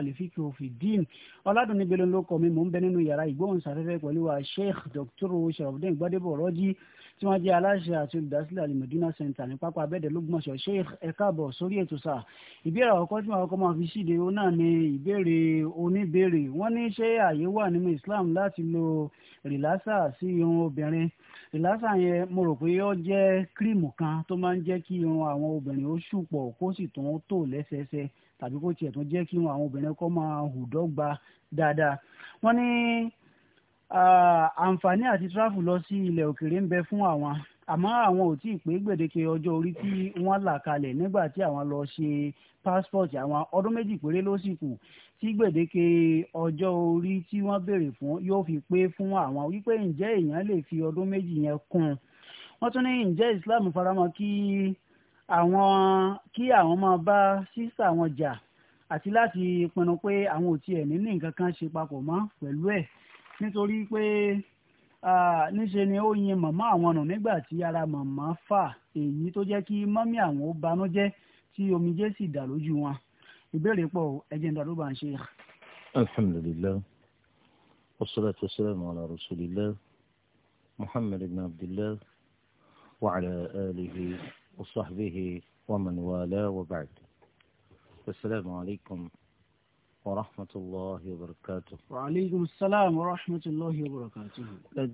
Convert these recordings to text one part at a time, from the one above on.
àlìfíkì òfin dín ọ̀làdùnní bẹ́lẹ̀ ló kọ́ mi mò ń bẹ nínú yàrá ìgbóhùnsáfẹ́fẹ́ pẹ̀lú wa sheikh dr sharafdin gbadebo ọ̀rọ̀jì tí wọ́n jẹ́ aláṣẹ àti olùdásílẹ̀ alimọ̀dúnà center ní pápá abẹ́ẹ̀dẹ̀ lọ́gbọ̀nsọ̀ sheikh ẹ káàbọ̀ sórí ètò sà ìbéèrè àkọ́kọ́ tí wọn kọ́ máa fi ṣíde ó náà ni ìbéèrè oníbéèrè wọ́n ní ṣé àyè wà nínú islam láti lo rìlásà sí irun obìnrin rìlásà yẹn mo rò pé ó jẹ́ kírìmù kan tó máa ń jẹ́ kí irun àwọn obìnrin ó ṣùpọ̀ kó sì tún tò lẹ́sẹẹsẹ tàbí kó tiẹ̀ tún jẹ́ kí wọn àwọn obìnrin kọ́ máa hù dọ́gba dáadáa wọ́n ní àǹfààní àti tíráfù lọ sí ilẹ̀ òkèèrè ń bẹ fún àwọn àmọ́ àwọn ò tí ì pé gbèdéke ọjọ́ orí tí wọ́n là kalẹ̀ nígbà tí àwọn lọ ṣe passport àwọn ọdún méjì péré ló sì kù tí gbèdéke ọjọ́ orí tí wọ́n béèrè fún yóò fi pé fún àwọn wípé ǹjẹ́ èèyàn lè fi ọdún méjì yẹn kún un wọ́n tún ní ǹjẹ́ Islam faramọ́ kí àwọn kí àwọn máa bá sísà wọn jà àti láti pinnu pé àwọn ò tiẹ̀ ní nǹkan kan ṣe papọ̀ mọ́ pẹ̀lú ẹ̀ nítorí pé níṣe ni ó yin màmá àwọn nù nígbà tí ara màmá fà èyí tó jẹ́ kí mọ́mí àwọn ó banújẹ́ tí omijé sì dà lójú wọn ìbéèrè pọ̀ ẹ̀jẹ̀ ń dàdó ń ṣe. alhamdulilayi wasalaatu wasalaamu ala rasulillah muhammad ibn abdillah wa ala alihi. وصحبه ومن والاه وبعد السلام عليكم ورحمة الله وبركاته وعليكم السلام ورحمة الله وبركاته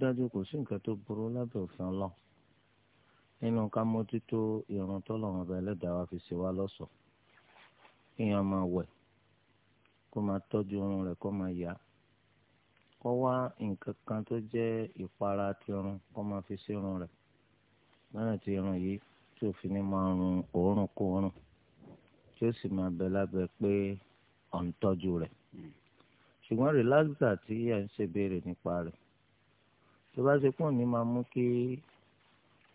dájú kò sí nǹkan tó burú lábẹ́ òfin ọlọ́ nínú ká mójútó ìrun tọ́lọ́run ọba ẹlẹ́dàá wa fi ṣe wá lọ́ṣọ̀ọ́ kéèyàn máa wẹ̀ kó máa tọ́jú irun rẹ̀ kó máa yá kó wá nǹkan kan tó jẹ́ ìpara ti irun kó máa fi sí irun rẹ̀ lọ́nà tí irun yìí tí òfin ní máa rùn òórùn kó rùn tí ó sì máa bẹ lábẹ́ pé ọ̀ ń tọ́jú rẹ̀ ṣùgbọ́n rìláxà tí à ń ṣe béèrè nípa rẹ̀ tó bá ṣe pọ̀ ní máa mú kí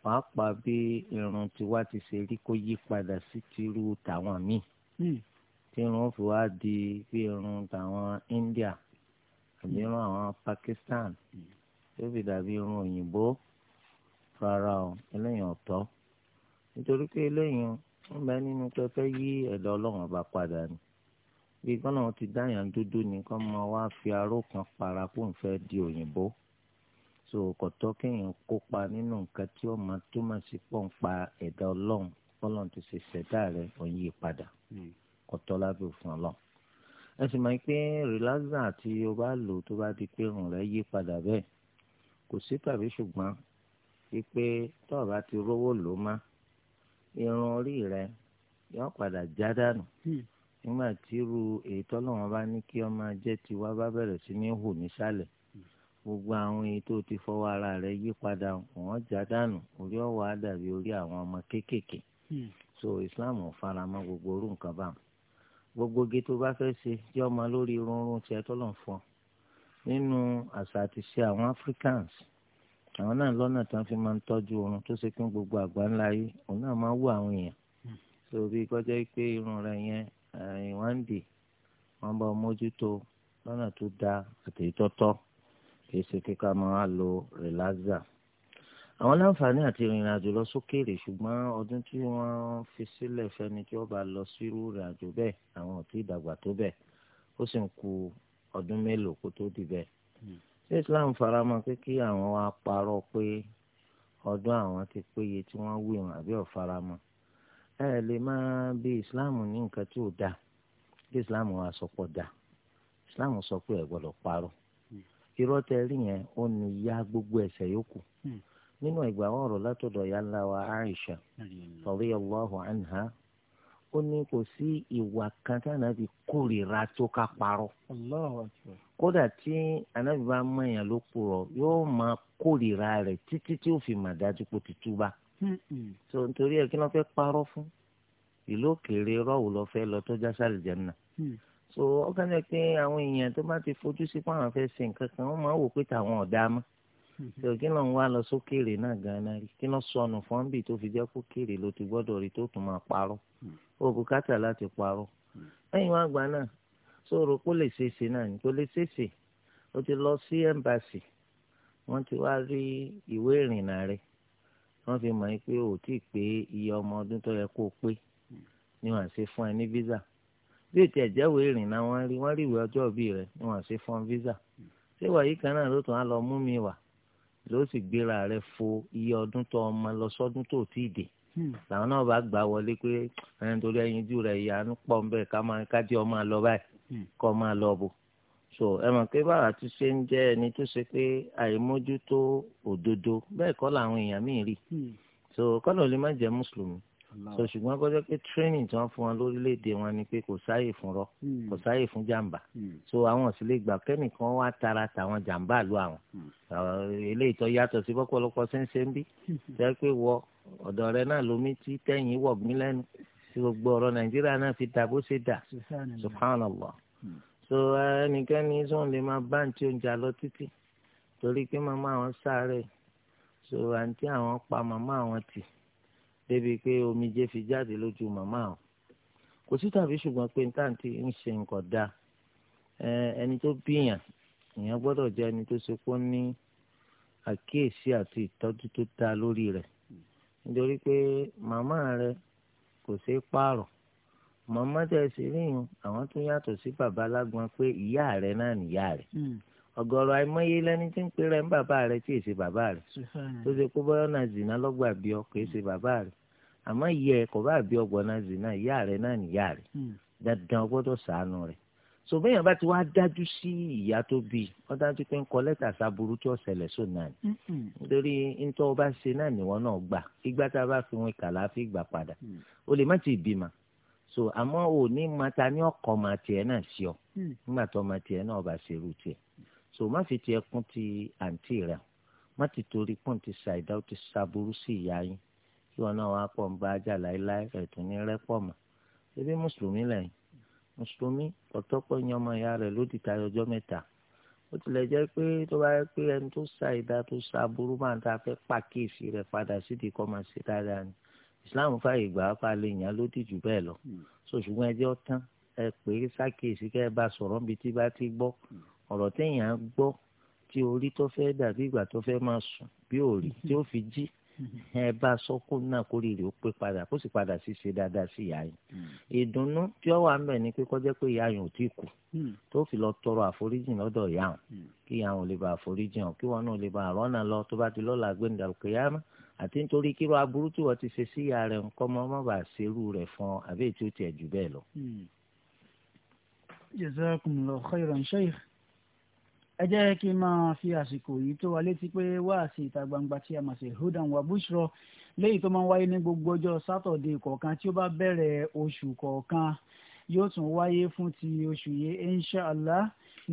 pàápàá bí irun tiwa ti ṣe rí kó yí padà sí tìrú tàwọn míì hmm. tí irun fi wá di bí irun tàwọn India àbí irun àwọn Pakistan hmm. tó fi dàbí irun òyìnbó rárá o eléyìí ọ̀tọ̀ nítorí pé eléyìí ń bẹ nínú pé fẹ́ yí ẹ̀dá ọlọ́run ọba padà ni bí gbọ́dọ̀ ti dáyàn dúdú ni kọ́ mọ wá fi aró kan para kó n fẹ́ di òyìnbó so kò tọ́ kéèyàn kópa nínú nǹkan tí ó máa túmọ̀ sí pọ̀ ń pa ẹ̀dá ọlọ́run bọ́lọ̀ ti ṣe ṣẹ̀dá rẹ̀ òun yí padà hmm. kò tọ́ lábẹ́ òfin ọlọ́run ẹ sì máa ń pé relaxer tí o bá lò tó bá di pé irun rẹ̀ yí padà bẹ́ẹ̀ kò sí tàbí ṣùgbọ́n wípé tó ti rówó lò máa irun orí rẹ yóò padà já dànù hmm. nígbà tí irú èyí tọ́lọ́wọ́n bá ní kí ó máa jẹ́ tiwa bá bẹ̀rẹ̀ sí ní hù nísàlẹ̀ hmm. gbogbo àwọn èyí tó ti fọwọ́ ara rẹ̀ yí padà wọ́n já dànù orí ọ̀wọ́ á dàbí orí àwọn ọmọ kéékèèké hmm. so Islam ò fara mọ́ gbogbo orú nǹkan báwọn gbogbo ge tó bá fẹ́ ṣe yọ ọmọ lórí irun irun tiẹ̀ tọ́lọ̀ fún ọ nínú àṣà àti ṣe àwọn Africans àwọn náà lọ́nà tí wọ́n fi máa ń tọ́jú oorun tó ṣe fún gbogbo àgbà ńlá yìí òun náà máa ń wú àwọn èèyàn tó hmm. bí kọjá pé irun rẹ̀ yẹn wọ́n ń dì wọ́n bá mójútó lọ́nà tó dáa àti ìtọ́tọ́ kì í ṣe kíkà máa lo relaxa. àwọn láǹfààní àti ìrìn àjò lọ sókèèrè ṣùgbọ́n ọdún tí wọ́n fi sílẹ̀ fẹ́ni tí ó bá lọ sírú ìrìn àjò bẹ́ẹ̀ àwọn ò tí ì dàgbà tó bẹ́ẹ̀ ó sì ń ku ọdún mélòó kó tó dì bẹ́ẹ̀ hmm. ṣé islam faramọ́ pé kí àwọn wa parọ́ pé ọdún àwọn ti péye tí wọ́n wí wọn àbí ọ̀faramọ́ ẹ lè máa bí islam ní nǹkan tí ò dáa bí islam wa sọ pọ̀ dáa islam sọ pé ẹ gbọ́dọ̀ parọ́ irọ́ tẹ rí yẹn ó ní ya gbogbo ẹ̀ṣẹ̀ yòókù hmm. nínú ìgbà ọ̀rọ̀ látọ̀dọ̀ yàrá wa Aisha radiyallahu anha. ó ní kò sí ìwà kan tí ànábì kórìíra tó ká parọ́. kódà tí ànábì bá mọ èèyàn ló purọ́ yóò máa kórìíra rẹ̀ títí tí ó fi mà dájú pé tuntun bá. so nítorí ẹ kí ló fẹ́ parọ́ fún ìlú òkèèrè rọ́ọ̀wù lọ fẹ́ lọ tọ́já sálì jẹ́nà. Mm. so ọ̀gá ni pé àwọn èèyàn tó bá ti fojú sí pé àwọn fẹ́ ṣe nǹkan wọ́n máa wò pé tàwọn ọ̀dá mọ́. kí ló ń wá lọ sókèèrè náà ganan rí kí ló sọnù fọ́nbì tó fi jẹ́ ló ti gbọ́dọ̀ rí tó tún máa parọ́ oògùn kátà láti parọ́ lẹ́yìn wá gbà náà sọ̀rọ̀ kó lè ṣeéṣe náà ti lọ sí embasi, wọ́n ti wá rí ìwé ìrìnnà rẹ̀ wọ́n fi mọ̀ pé ò tí ì pé iye ọmọ ọdún tó yẹ kó pé ni wọ́n ṣe fún ẹ ní visa bí ètò ìrìnnà wọ́n rí ìwé ọjọ́ ìbí ló sì gbéra rẹ fo iye ọdún tó ọmọ lọ sọ́dún tó tí ì dé hmm. làwọn náà bá gbà wọlé pé ẹni torí ẹyin jù rẹ ìyanu pọ̀ ń bẹ̀ ká máa ká jẹ́ ọmọ lọ báyìí hmm. kọ́ máa lọ bò so ẹ mọ̀ pé báwa ti ṣe ń jẹ́ ẹni tó ṣe pé àìmójútó òdodo bẹ́ẹ̀ kọ́ làwọn èèyàn míì rí hmm. so kọ́nà lè má jẹ́ mùsùlùmí so ṣùgbọ́n gbọ́dọ̀ pé training tí wọ́n fún wọn lórílẹ̀‐èdè wọn ni pé kò sáyè fún rọ hmm. kò sáyè fún jàǹbá hmm. so àwọn ò sì lè gbà kẹ́nìkan wá tara tàwọn jàǹbá lu àwọn hmm. eléyìí tó yàtọ̀ sí pọ́pọ́lọpọ́ ṣẹ́ńṣẹ́ ń bí tẹ́ pé wọ ọ̀dọ̀ rẹ náà lomi tí tẹ́yìn wọ̀ mí lẹ́nu tí gbogbo ọ̀rọ̀ nàìjíríà náà fi dà bó ṣe dà subhanallah so ẹnikẹ́ni sọ̀n lè máa bá ní tí oúnjẹ àlọ títì torí pé màmá àwọn so àǹtí àwọn pa màmá àwọn tì débi pé omijé fi jáde lójú màmá o kò sí tàbí ṣùgbọ́n pé ntàǹtì ń ṣe nǹkan dáa ẹni tó bíyàn èèyàn gbọ́dọ̀ jẹ́ ẹni tó ṣe pọ́n ní àkíyèsí àti ìtọ́jú tó dáa lórí rẹ̀ nítorí pé màmá rẹ̀ kò ṣeé pààrọ̀ màmá tẹ̀ sí ríyìn àwọn tó yàtọ̀ sí bàbá lágbọn pé ìyá rẹ̀ náà nìyá rẹ̀ hmm. ọ̀gọ̀rọ̀ àìmọye lẹni tí ń pè rẹ̀ ń bàbá rẹ̀ tí èsì bàbá rẹ̀ tó ṣe kó bọ́yọ̀ náà zìnà lọ́gbà ọ kò èsì bàbá rẹ̀ àmọ́ ìyá ẹ kò bá bí ọgbọ̀n náà zì náà ìyá rẹ náà nìyá rẹ hmm. dandan gbọ́dọ̀ sàánú rẹ̀ so bẹ́yàn bá ti wá dájú sí ìyá tó bí wọ́n dájú pé ń kọ lẹ́tà sábúrú tí ọ̀sẹ̀lẹ̀ sọ náà ni hmm. nítorí nítorí ọba ṣe náà nìwọ náà gbà ìgbà tá a bá fi wọn kàlà fi gbà padà hmm. o lè má ti bímọ so àmọ́ ò ní mata ní ọkọ̀ máa tiẹ̀ náà sí ọ nígbà tó máa tiẹ̀ náà bá ṣe irú tiẹ̀ so má fi tiẹ̀ kún ti àǹtí rẹ̀ má ti torí pọ́ǹ ti ṣàìdá ó ti sábúrú sí ìyá yín tí wọn náà wàá pọ̀ ń bá ajá láéláé ẹ̀tún ní rẹ́pọ̀ mọ́ ṣébí mùsùlùmí lẹ́yìn mùsùlùmí ọ̀tọ́pọ̀ yan ọmọ ìyá rẹ̀ lódì tayọ ọjọ́ mẹ́ta ó tilẹ̀ jẹ́ pé tó bá yẹ pé ẹni tó sa ìdá tó sa burú máa ta fẹ́ pàkíyèsí rẹ̀ padà sídìí kọ́ máa ṣe dáadáa ni Islam fàyè gbà á palẹ̀ èèyàn lódì jù bẹ́ẹ̀ lọ hmm. so ṣùgbọ́n ẹjẹ́ ọ̀tán ẹ pè é ṣàkíyèsí kẹ́ ẹ bá sọ̀rọ̀ níbi tí bá ti gbọ́ ọ̀rọ̀ téèyàn gbọ́ tí orí tó fẹ́ dàbí ìgbà tó fẹ́ máa sùn bí òòrì tí ó fi jí ẹ bá sọ kó náà kó rírì ó pé padà kó sì padà sí ṣe dáadáa sí ìyá yìí hmm. ìdùnnú tí ó wà ń bẹ̀ ni pé kó jẹ́ pé ìyá yìí ò tí kú hmm. tó fi lọ tọrọ àforíjìn lọ́dọ̀ ìyá hàn hmm. kí ìyá hàn lè bá àforíjìn hàn kí wọn náà lè bá àrọ́nà lọ tó bá ti lọ́la gbẹ̀ndàlùkè yá mọ́ àti nítorí kí ló aburú tí wọ́n ti ṣe sí ìyá rẹ̀ nǹkan mọ́ má bàa ṣerú rẹ̀ fún àbẹ́ẹ̀tì ó tiẹ̀ jù bẹ́ẹ̀ lọ. jazakumullahu khairan sheikh ẹ jẹ́ kí n máa fi àsìkò yìí tó wa létí pé wáàsí ìta gbangba tí a mọ̀ sí hudan wa bushro léyìí tó máa ń wáyé ní gbogbo ọjọ́ sátọ̀dé kọ̀ọ̀kan tí ó bá bẹ̀rẹ̀ oṣù kọ̀ọ̀kan yóò tún wáyé fún ti oṣù yìí inshàlá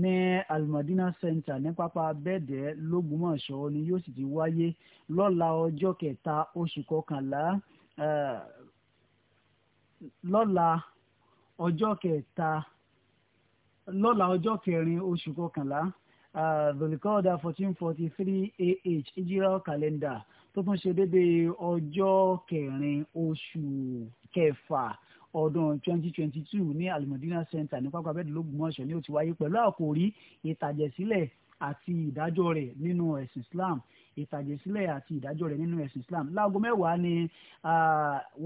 ní almadina center ní pápá bẹ́ẹ̀dẹ́ lógúnmọ̀ṣọ́ ni yóò sì ti wáyé lọ́la ọjọ́ kẹta oṣù kọkànlá eh, lọ́la ọjọ́ kẹta lọ́la ọjọ́ kẹrin oṣù kọkànlá zolikọ́ọ̀dà fourteen forty three AH ìjírọ̀ kàlẹ́ndà tó tún ṣe déédéé ọjọ́ kẹrin oṣù kẹfà ọdún twenty twenty two ní alimọ̀dínà center ní pápá abẹ́ẹ̀dì lógúnmọ̀ṣọ́ ni ó ti wáyé pẹ̀lú àkòrí ìtàjẹ̀sílẹ̀ àti ìdájọ́ rẹ̀ nínú ẹ̀sìn Islam ìtàjẹ̀sílẹ̀ àti ìdájọ́ rẹ̀ nínú ẹ̀sìn Islam láago mẹ́wàá ni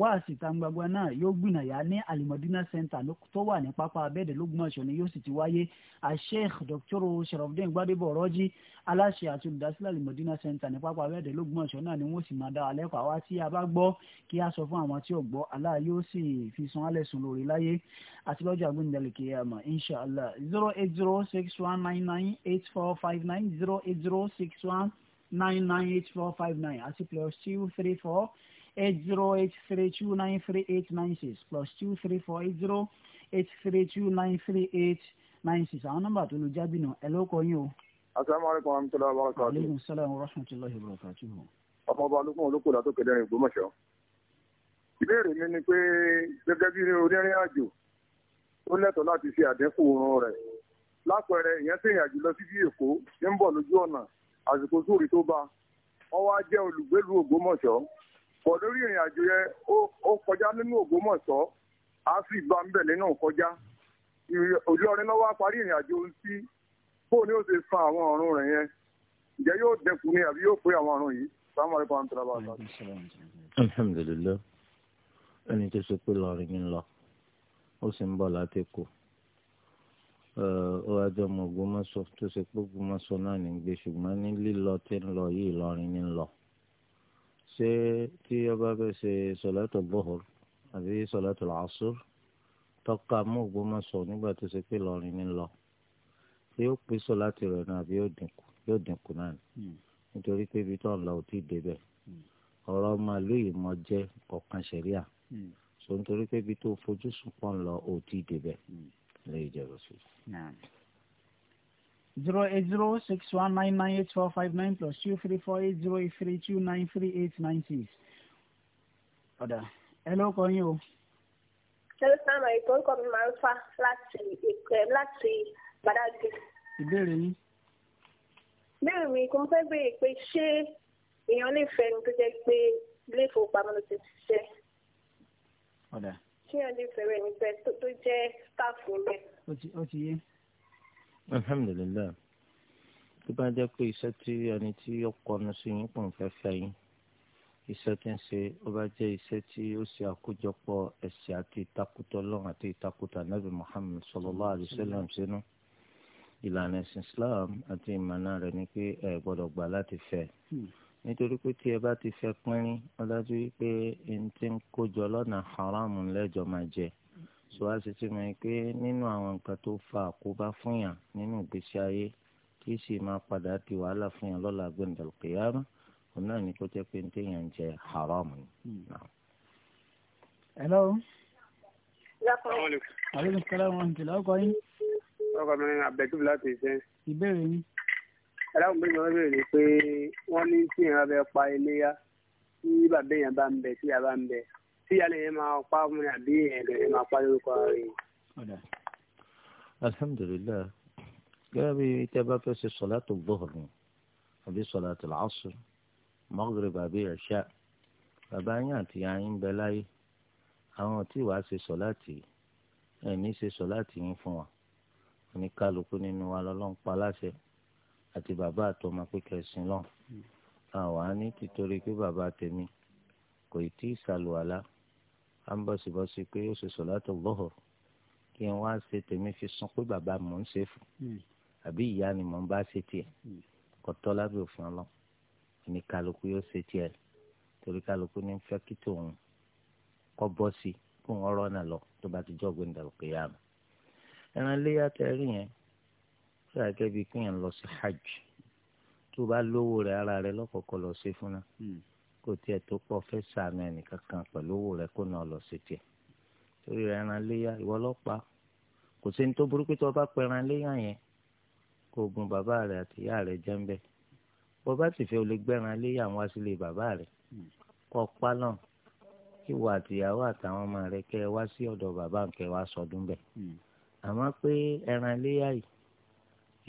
wáàsí tangbangba náà yóò gbìnàyà ní Alimadina Center tó wà ní pápá abẹ́ẹ̀dẹ̀ lógúnmọ̀ṣọ́ ni yóò sì ti wáyé Sheikh Dr. Sharafdin Gbadebo Ọ̀rọ́jì aláṣẹ àti olùdásílẹ̀ Alimadina Center ní pápá abẹ́ẹ̀dẹ̀ lógúnmọ̀ṣọ́ náà ni wọ́n sì máa dá alẹ́kọ̀ọ́ àwa tí a bá gbọ́ kí a sọ fún àwọn tí ò gbọ́ Allah yóò sì fi san alẹ́ sùn lórí láyé àti lọ́jọ́ àgbẹ̀ndẹ̀lẹ̀ kìyàmà inshallah zero eight zero six one nine nine eight four five nine zero eight zero six one nine nine eight four five nine àti plus two three four zero eight three two nine three eight nine six plus two three four eight zero eight three two nine three eight nine six àwọn nọ́mbà tó lu jábì náà ẹ ló kọ yín o. asalaamualeykum wa rahmatulahi wa barakatuhu. aleykum salaam wa rahmatulahi wa barakatuhu. ọmọ ọba olókùn olókùn látó kéde ní Ògbómọ̀ṣọ́. ìbéèrè mi ni pé gẹ́gẹ́ bí onírìn àjò ó lẹ́tọ̀ọ́ láti ṣe àdínkù oorun rẹ̀ lápẹẹrẹ ìyẹn sì ìrìn àjò lọ sí bí Èkó ń bọ̀ lójú ọ̀nà àsìkò sóòrì tó bá wọn wá jẹ́ olùgbèlú Ògbómọ̀ṣọ́ pọ̀ lórí ìrìn àjò yẹn ó kọjá nínú Ògbómọ̀ṣọ́ á sì gba ń bẹ̀ nínú kọjá Ìlọrin lọ́wọ́ á parí ìrìn àjò ohun tí bóun ni ó ṣe san àwọn ọ̀run rẹ̀ yẹn ǹjẹ́ yóò dẹkùn ni àbí yóò pé àwọn ọ̀run yìí sáwọn ọ̀rẹ́ kan tẹ̀lé bàtà. alhamdulilayi ẹni tó ṣe pé lọrin ń lọ ó sì ń bọ̀ láti kù ó wá jọ ọmọ Ògbómọ̀ṣọ́ tó ṣe pé Ògbómọ̀ṣọ́ náà ní gbé ṣùgbọ́n ní lílọ tí ń lọ yìí Ìlọrin ní lọ ṣé tí ọba fẹ́ ṣe sọ̀látò bọ́ọ̀l àbí sọ̀látò làásùr tọ́ka mú Ògbómọ̀ṣọ́ nígbà tó ṣe pé Ìlọrin ní lọ ṣé ó pè sọ̀látì rẹ̀ náà àbí yóò dínkù náà hmm. nítorí pé ibi tó ń lọ ò tí ì débẹ̀ hmm. ọ̀rọ̀ màálù ìmọ̀ jẹ́ ọ̀kan ṣẹ̀ríà hmm. sọ nítorí pé ibi tó fojú sùn pọ̀ ń lọ ò débẹ̀ zero eight zero six one nine nine eight four five nine plus two three four eight zero eight three two nine three eight nine six. ọ̀dà Hello, ló kọ yín o. ṣẹlẹ sàmà ètò ọkọ mi máa ń fa láti ìpè eh, láti gbàdájú. ìbéèrè yín. bẹ́ẹ̀ mi kò fẹ́ béèrè pé ṣé èèyàn lè fẹ́ ẹni tó jẹ́ pé ilé ìfowópamọ́ ló ti ṣiṣẹ́. ọ̀dà kí ẹ lè fẹ̀rẹ̀ mi bẹ tó jẹ́ staff rẹ. ó ti yé. alhamdulilayi tó bá jẹ́ pé iṣẹ́ tí ẹni tí ó kọnu sí yín pọ̀ ń fẹ́ fẹ́ yín iṣẹ́ tí ń ṣe ó bá jẹ́ iṣẹ́ tí ó ṣe àkójọpọ̀ ẹ̀sìn àti ìtakùtọ̀ ọlọ́run àti ìtakùtọ̀ anábì muhammed sallallahu alaihi sínú ìlànà ẹ̀sìn islam àti ìmọ̀nà rẹ̀ ni pé ẹ gbọ́dọ̀ gbà láti fẹ́ hmm nítorí pé tí ẹ bá ti fẹ́ pínrín ọdájú wípé ẹni tí ń kójọ lọ́nà haram lẹ́jọ́ máa jẹ ṣùgbọ́n a sì ti mọ̀ pé nínú àwọn nǹkan tó fa àkóbá fún yàn nínú ìgbésí ayé kì í sì máa padà di wàhálà fún yàn lọ́la gbẹ̀ndàlùkìyàmù òun náà ni kó jẹ́ pé téèyàn ń jẹ haram ni. hello. aleykum salaam wa rahmatulah ọkọ yín. ọkọ mi ni abdul láti ṣe. ìbéèrè yín ẹlẹ́wọ̀n pé wọ́n béèrè pé wọ́n ní tí èèyàn bẹ pa iléyà tí bàbá èèyàn bá ń bẹ tí yàrá ń bẹ tí yàrá yẹn máa pa ọmọ yàrá bí ẹ̀rọ máa pa lórúkọ rẹ̀. alhamdulilayi gẹ́gẹ́ bí tẹ́ bá fẹ́ ṣe sọ̀látù bọ́ọ̀lù àbí sọ̀látù làásù mọ́gìrìbà àbí ẹ̀ṣà bàbá yín àti yín bẹ láyé àwọn tí wàá ṣe sọ̀látì ẹ̀ ní ṣe sọ̀látì yín fún wa oníkálukú nínú wa lọ́lọ́ ń pa láṣẹ àti bàbá àtọmọ pé kẹsìn lọ àwa ní títorí pé bàbá tèmi kò tí ì sàlùwàlá à ń bọ̀sibọ̀si pé ó ṣe sọ̀látò lọ́họ̀ kí n wá ṣe tèmi fi sún pé bàbá mò ń ṣe fún hmm. àbí ìyá ni mò ń bá ṣe tiẹ̀ hmm. kọ́tọ́ lábẹ́ òfin ọlọ́ ní kálukú yóò ṣe tiẹ̀ torí kálukú ní fẹ́ kí tòun kọ́ bọ́ sí kóun ọ̀rọ̀ náà lọ tó bá ti jọ́ ògbóǹdàlùkè yá mi ẹran léyà tẹ́rí yẹn ṣé àgẹ́ bíi kéèyàn lọ sí hajj tó bá lówó rẹ̀ ara rẹ̀ lọ́kọ̀ọ̀kọ̀ lọ sí fúnra hmm. kò tiẹ̀ tó pọ̀ fẹ́ sàánú ẹnìkan kan pẹ̀lú owó rẹ̀ kó náà lọ sí tiẹ̀ torí rẹ̀ ẹran léyà ìwọ lọ́pàá kò sí ní tó burú pé tó bá pẹran léyà yẹn kó gun bàbá rẹ̀ àti ìyá rẹ̀ jẹ́ ń bẹ̀ bó bá sì fẹ́ o lè gbẹ́ran léyà wá sílé bàbá rẹ̀ hmm. kọ́ pa náà ìwọ àtìyàwó àtàwọn ọmọ rẹ̀ kẹ́ ẹ wá sí ọ̀dọ̀ bàbá kẹ́ ẹ wá sọdún bẹ̀ hmm. àmọ́ pé ẹran léyà yìí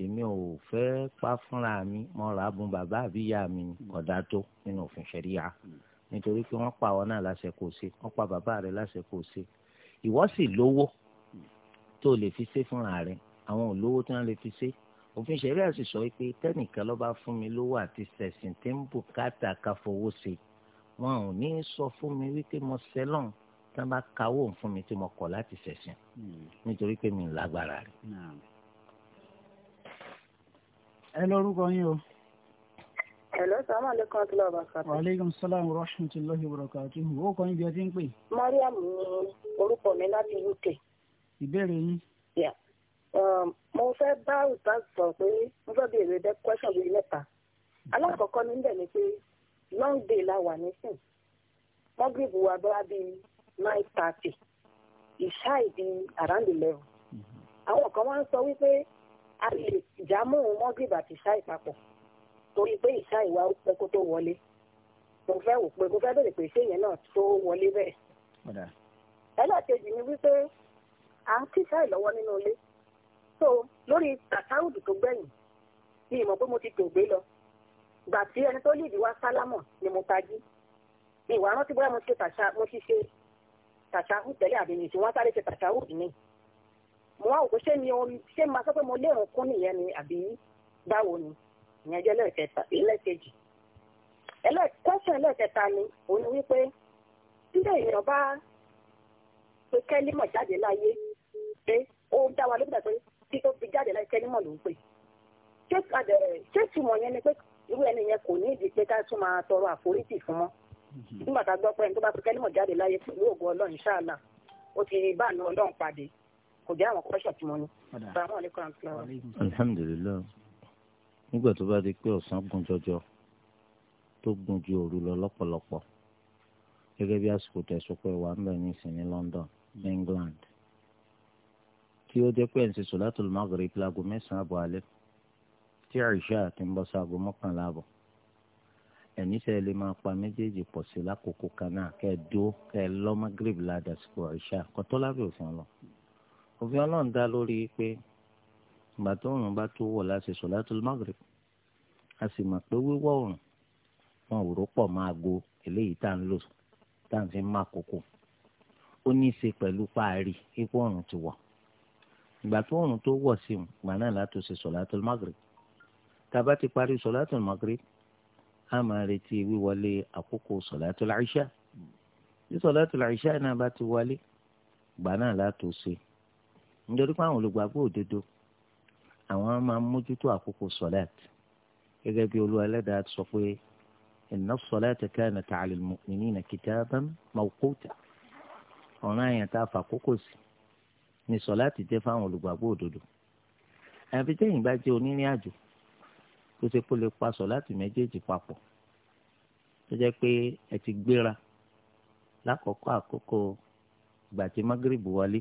èmi ò fẹ́ pa fúnra mi mo rà á bùn bàbá àbí ìyá mi ọ̀dà hmm. tó nínú òfin ṣẹ̀ríya hmm. nítorí pé wọ́n pa àwọn náà láṣẹ kó ṣe wọ́n pa bàbá rẹ̀ láṣẹ kó ṣe ìwọ sì lówó tó lè fi ṣe fúnra rẹ̀ àwọn olówó tí wọ́n lè fi ṣe òfin ṣẹ̀ríà sì sọ pé tẹ́nìkan ló bá fún mi lówó àti sẹ̀sìn tí ń bùkátà ká fowó ṣe wọn ò ní sọ fún mi wípé mo sẹ́lọ̀n tí wọ́n bá kawó fún mi tí mo kọ̀ láti sẹ̀sìn hmm. nítorí pé mi ń lágbára rẹ̀. ẹ lórúkọ yín o. Hello, assalamu alaikum warahmatullahi wabarakatuh. Wa alaikum assalam warahmatullahi wabarakatuh. Ó kọ́ ibi ẹ ń pè. Mariam ni orúkọ mi láti UK. Ìbéèrè yín. Um, mo fẹ́ bá Ustaz sọ̀rọ̀ pé mo fẹ́ béèrè dẹ́ question bíi mẹ́ta. Alákọ̀ọ́kọ́ níbẹ̀ ni pé long day la wà nísìn. Mọ́gìrìbù wa bá bíi nine thirty. Ìṣá ìdí around eleven. Mm-hmm. Àwọn kan wá ń sọ wípé a lè jámọ́ òun mọ́gìrìbà àti ṣáì papọ̀ torí pé ìṣá ìwà ó pẹ́ kó tó wọlé mo fẹ́ wò pé mo fẹ́ bèrè pé ṣéyẹn náà tó wọlé bẹ́ẹ̀. ẹlẹ́kejì ni wípé à ń kí ṣáì lọ́wọ́ nínú ilé so lórí tàtàwùdù tó gbẹ̀yìn ni ìmọ̀ pé mo ti tògbé lọ gbà tí ẹni tó lè wá sálámọ̀ ni mo tají ìwà rántí bóyá mo ṣe tàṣà mo ti ṣe tàṣà hù tẹ́lẹ̀ àbí mi tí wọ́n sáré ṣe tàṣà hù mí mo wá òkú ṣé mi ò ṣé máa sọ pé mo lé òkun nìyẹn ni àbí báwo ni ìyẹn jẹ́ lẹ́ẹ̀kẹta ẹlẹ́ẹ̀kejì ẹlẹ́ẹ̀kọ́sùn ẹlẹ́ẹ̀kẹta ni òun ni wípé tí èèyàn bá pe kẹ́límọ̀ jáde láyé pé ó dá wa lókùnà pé tí tó fi jáde láyé kẹ́límọ̀ ló ń pè ṣé túmọ̀ yẹn ni pé irú ẹni yẹn kò ní ìdí pé ká tún máa tọrọ àforíjì fún mọ́ nígbà tá a gbọ́ pé ẹni tó bá pe kẹ́límọ̀ jáde láyé pẹ̀lú ògùn ọlọ́run ṣáàlà ó ti bá àánú ọlọ́run pàdé kò jẹ́ àwọn kọ́ṣọ̀ tí mo ní. bàbá wọn lè kọ́ àǹtí lọ́wọ́. alhamdulilayi nígbà tó bá di pé ọ̀sán gùn jọjọ tó gùn ju òru lọ lọ́pọ̀lọpọ̀ gẹ́gẹ́ bí àsìkò tẹ̀sùn pé wà ń bẹ̀ ní ìsìn ní London England tí ó jẹ́ pé ẹ̀ ń ṣe solatul maghrib láago mẹ́sàn-án àbọ̀ alẹ́ tí àìṣà ti ń bọ́ sáago mọ́kànlá àbọ̀ ẹ̀ní sẹ́ lè máa pa méjèèjì pọ̀ sí lákòókò kan náà kẹ́ ẹ dúró kẹ́ ẹ lọ́ kọ́tọ́lábẹ̀ òfin ọlọ́ọ̀ òfin ọlọ́run dá lórí pé ìgbà tó òòrùn bá tó wọ̀ láti solatul maghrib a sì mọ̀ pé wíwọ̀ òòrùn wọn ò rọ́pọ̀ máa go eléyìí tá à ń lò tá à ń fi máa kókò ó ní í ṣe pẹ̀lú páàrí ipò òòrùn ti wọ̀ ìgbà tó òòrùn tó wọ̀ sí òun ìgbà náà láti ṣe solatul maghrib tàbá ti parí solatul maghrib a máa retí wíwọlé àkókò solatul isha tí solatul isha náà bá ti wọlé ìgbà náà láti ṣe nítorí pé àwọn olùgbàgbọ́ òdodo àwọn máa ń mójútó àkókò sọ̀lẹ́t gẹ́gẹ́ bí olúwa ẹlẹ́dàá sọ pé inna as-salata kanat 'ala al-mu'minina kitaban mawquta ọ̀ràn àyàn tá a fà kókò sí ni sọ̀lẹ́t jẹ́ fáwọn olùgbàgbọ́ òdodo àyàfi tẹ́yìn bá jẹ́ onírìn àjò tó ṣe kó lè pa sọ̀lẹ́t méjèèjì papọ̀ tó jẹ́ pé ẹ ti gbéra lákòókò àkókò ìgbà tí magrib wọlé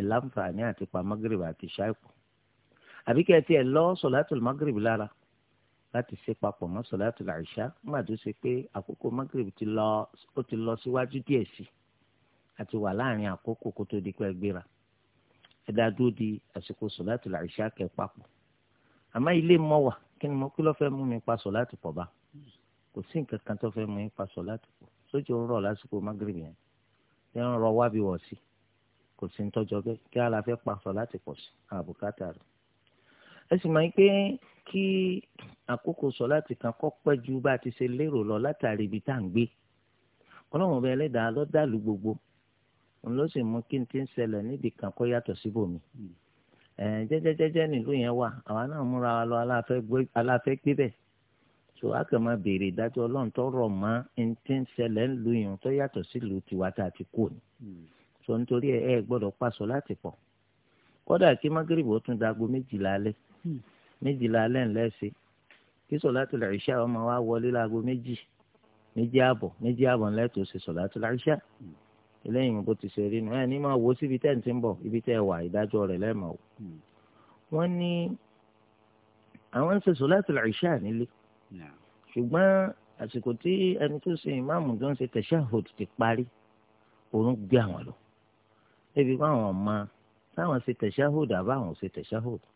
ẹ̀ láǹfààní àti pa magrib àti ṣáìkù àbí kẹ́ ẹ tiẹ̀ lọ sọ̀látùl magrib lára láti ṣe papọ̀ mọ́ sọ̀látùl àìṣá nígbà tó ṣe pé àkókò magrib ti lọ ó ti lọ síwájú díẹ̀ sí àti wà láàrin àkókò kó tó di pé gbéra ẹ dá dúró di àsìkò sọ̀látùl àìṣá kẹ́ papọ̀ àmọ́ ilé mọ́ wà kí ni mo kí ló fẹ́ mú mi pa sọ̀látù pọ̀ bá kò sí nǹkan kan tó fẹ́ mú mi pa sọ̀látù pọ̀ sójú ń rọ̀ lásìkò magrib yẹn ń rọ wábi sí i kò sí nítọ́jọ́ pé kí ara fẹ́ paṣọ láti pọ̀ sí àbùkátà rẹ̀. ẹ sì máa ń pé kí àkókò sọ láti kan kọ́ pẹ́ ju bá a ti ṣe lérò lọ látàrí ibi tá à ń gbé ọlọ́run ọba ẹlẹ́dàá ló dàlú gbogbo òun ló sì mú kí n ti ń ṣẹlẹ̀ níbi kan kó yàtọ̀ síbòmí jẹ́jẹ́jẹ́jẹ́ nílùú yẹn wà àwa náà múra wa lọ aláfẹ́ gbé bẹ́ẹ̀ tó a kàn máa béèrè ìdájọ́ ọlọ́run tó rọ̀ mọ́ sọ nítorí ẹ ẹ gbọ́dọ̀ paṣọ láti pọ̀ kódà kí magrib ó tún dago méjìlá alẹ́ hmm. méjìlá alẹ́ ńlẹ́ ṣe kí sọ̀látù làìṣà ọmọ wa wọlé láago méjì méjì àbọ̀ méjì àbọ̀ ńlẹ́ tó ṣe sọ̀látù làìṣà hmm. eléyìí bó ti ṣe rí nu ẹ ní máa wo síbi tẹ́ ń ti ń bọ̀ ibi tẹ́ wà ìdájọ́ rẹ̀ lẹ́ẹ̀mọ̀ o. Hmm. wọ́n ní àwọn ń ṣe sọ̀látù làìṣà nílé ṣùgbọ́n àsìkò tí ẹni tó ṣe ìmáàmù tó ń ṣe tẹ̀ṣáhùd ti parí òun gbé àwọn lọ ebi báwọn ọmọ táwọn ṣe tẹ̀síáhùdù àbáwọn ò ṣe tẹ̀síáhùdù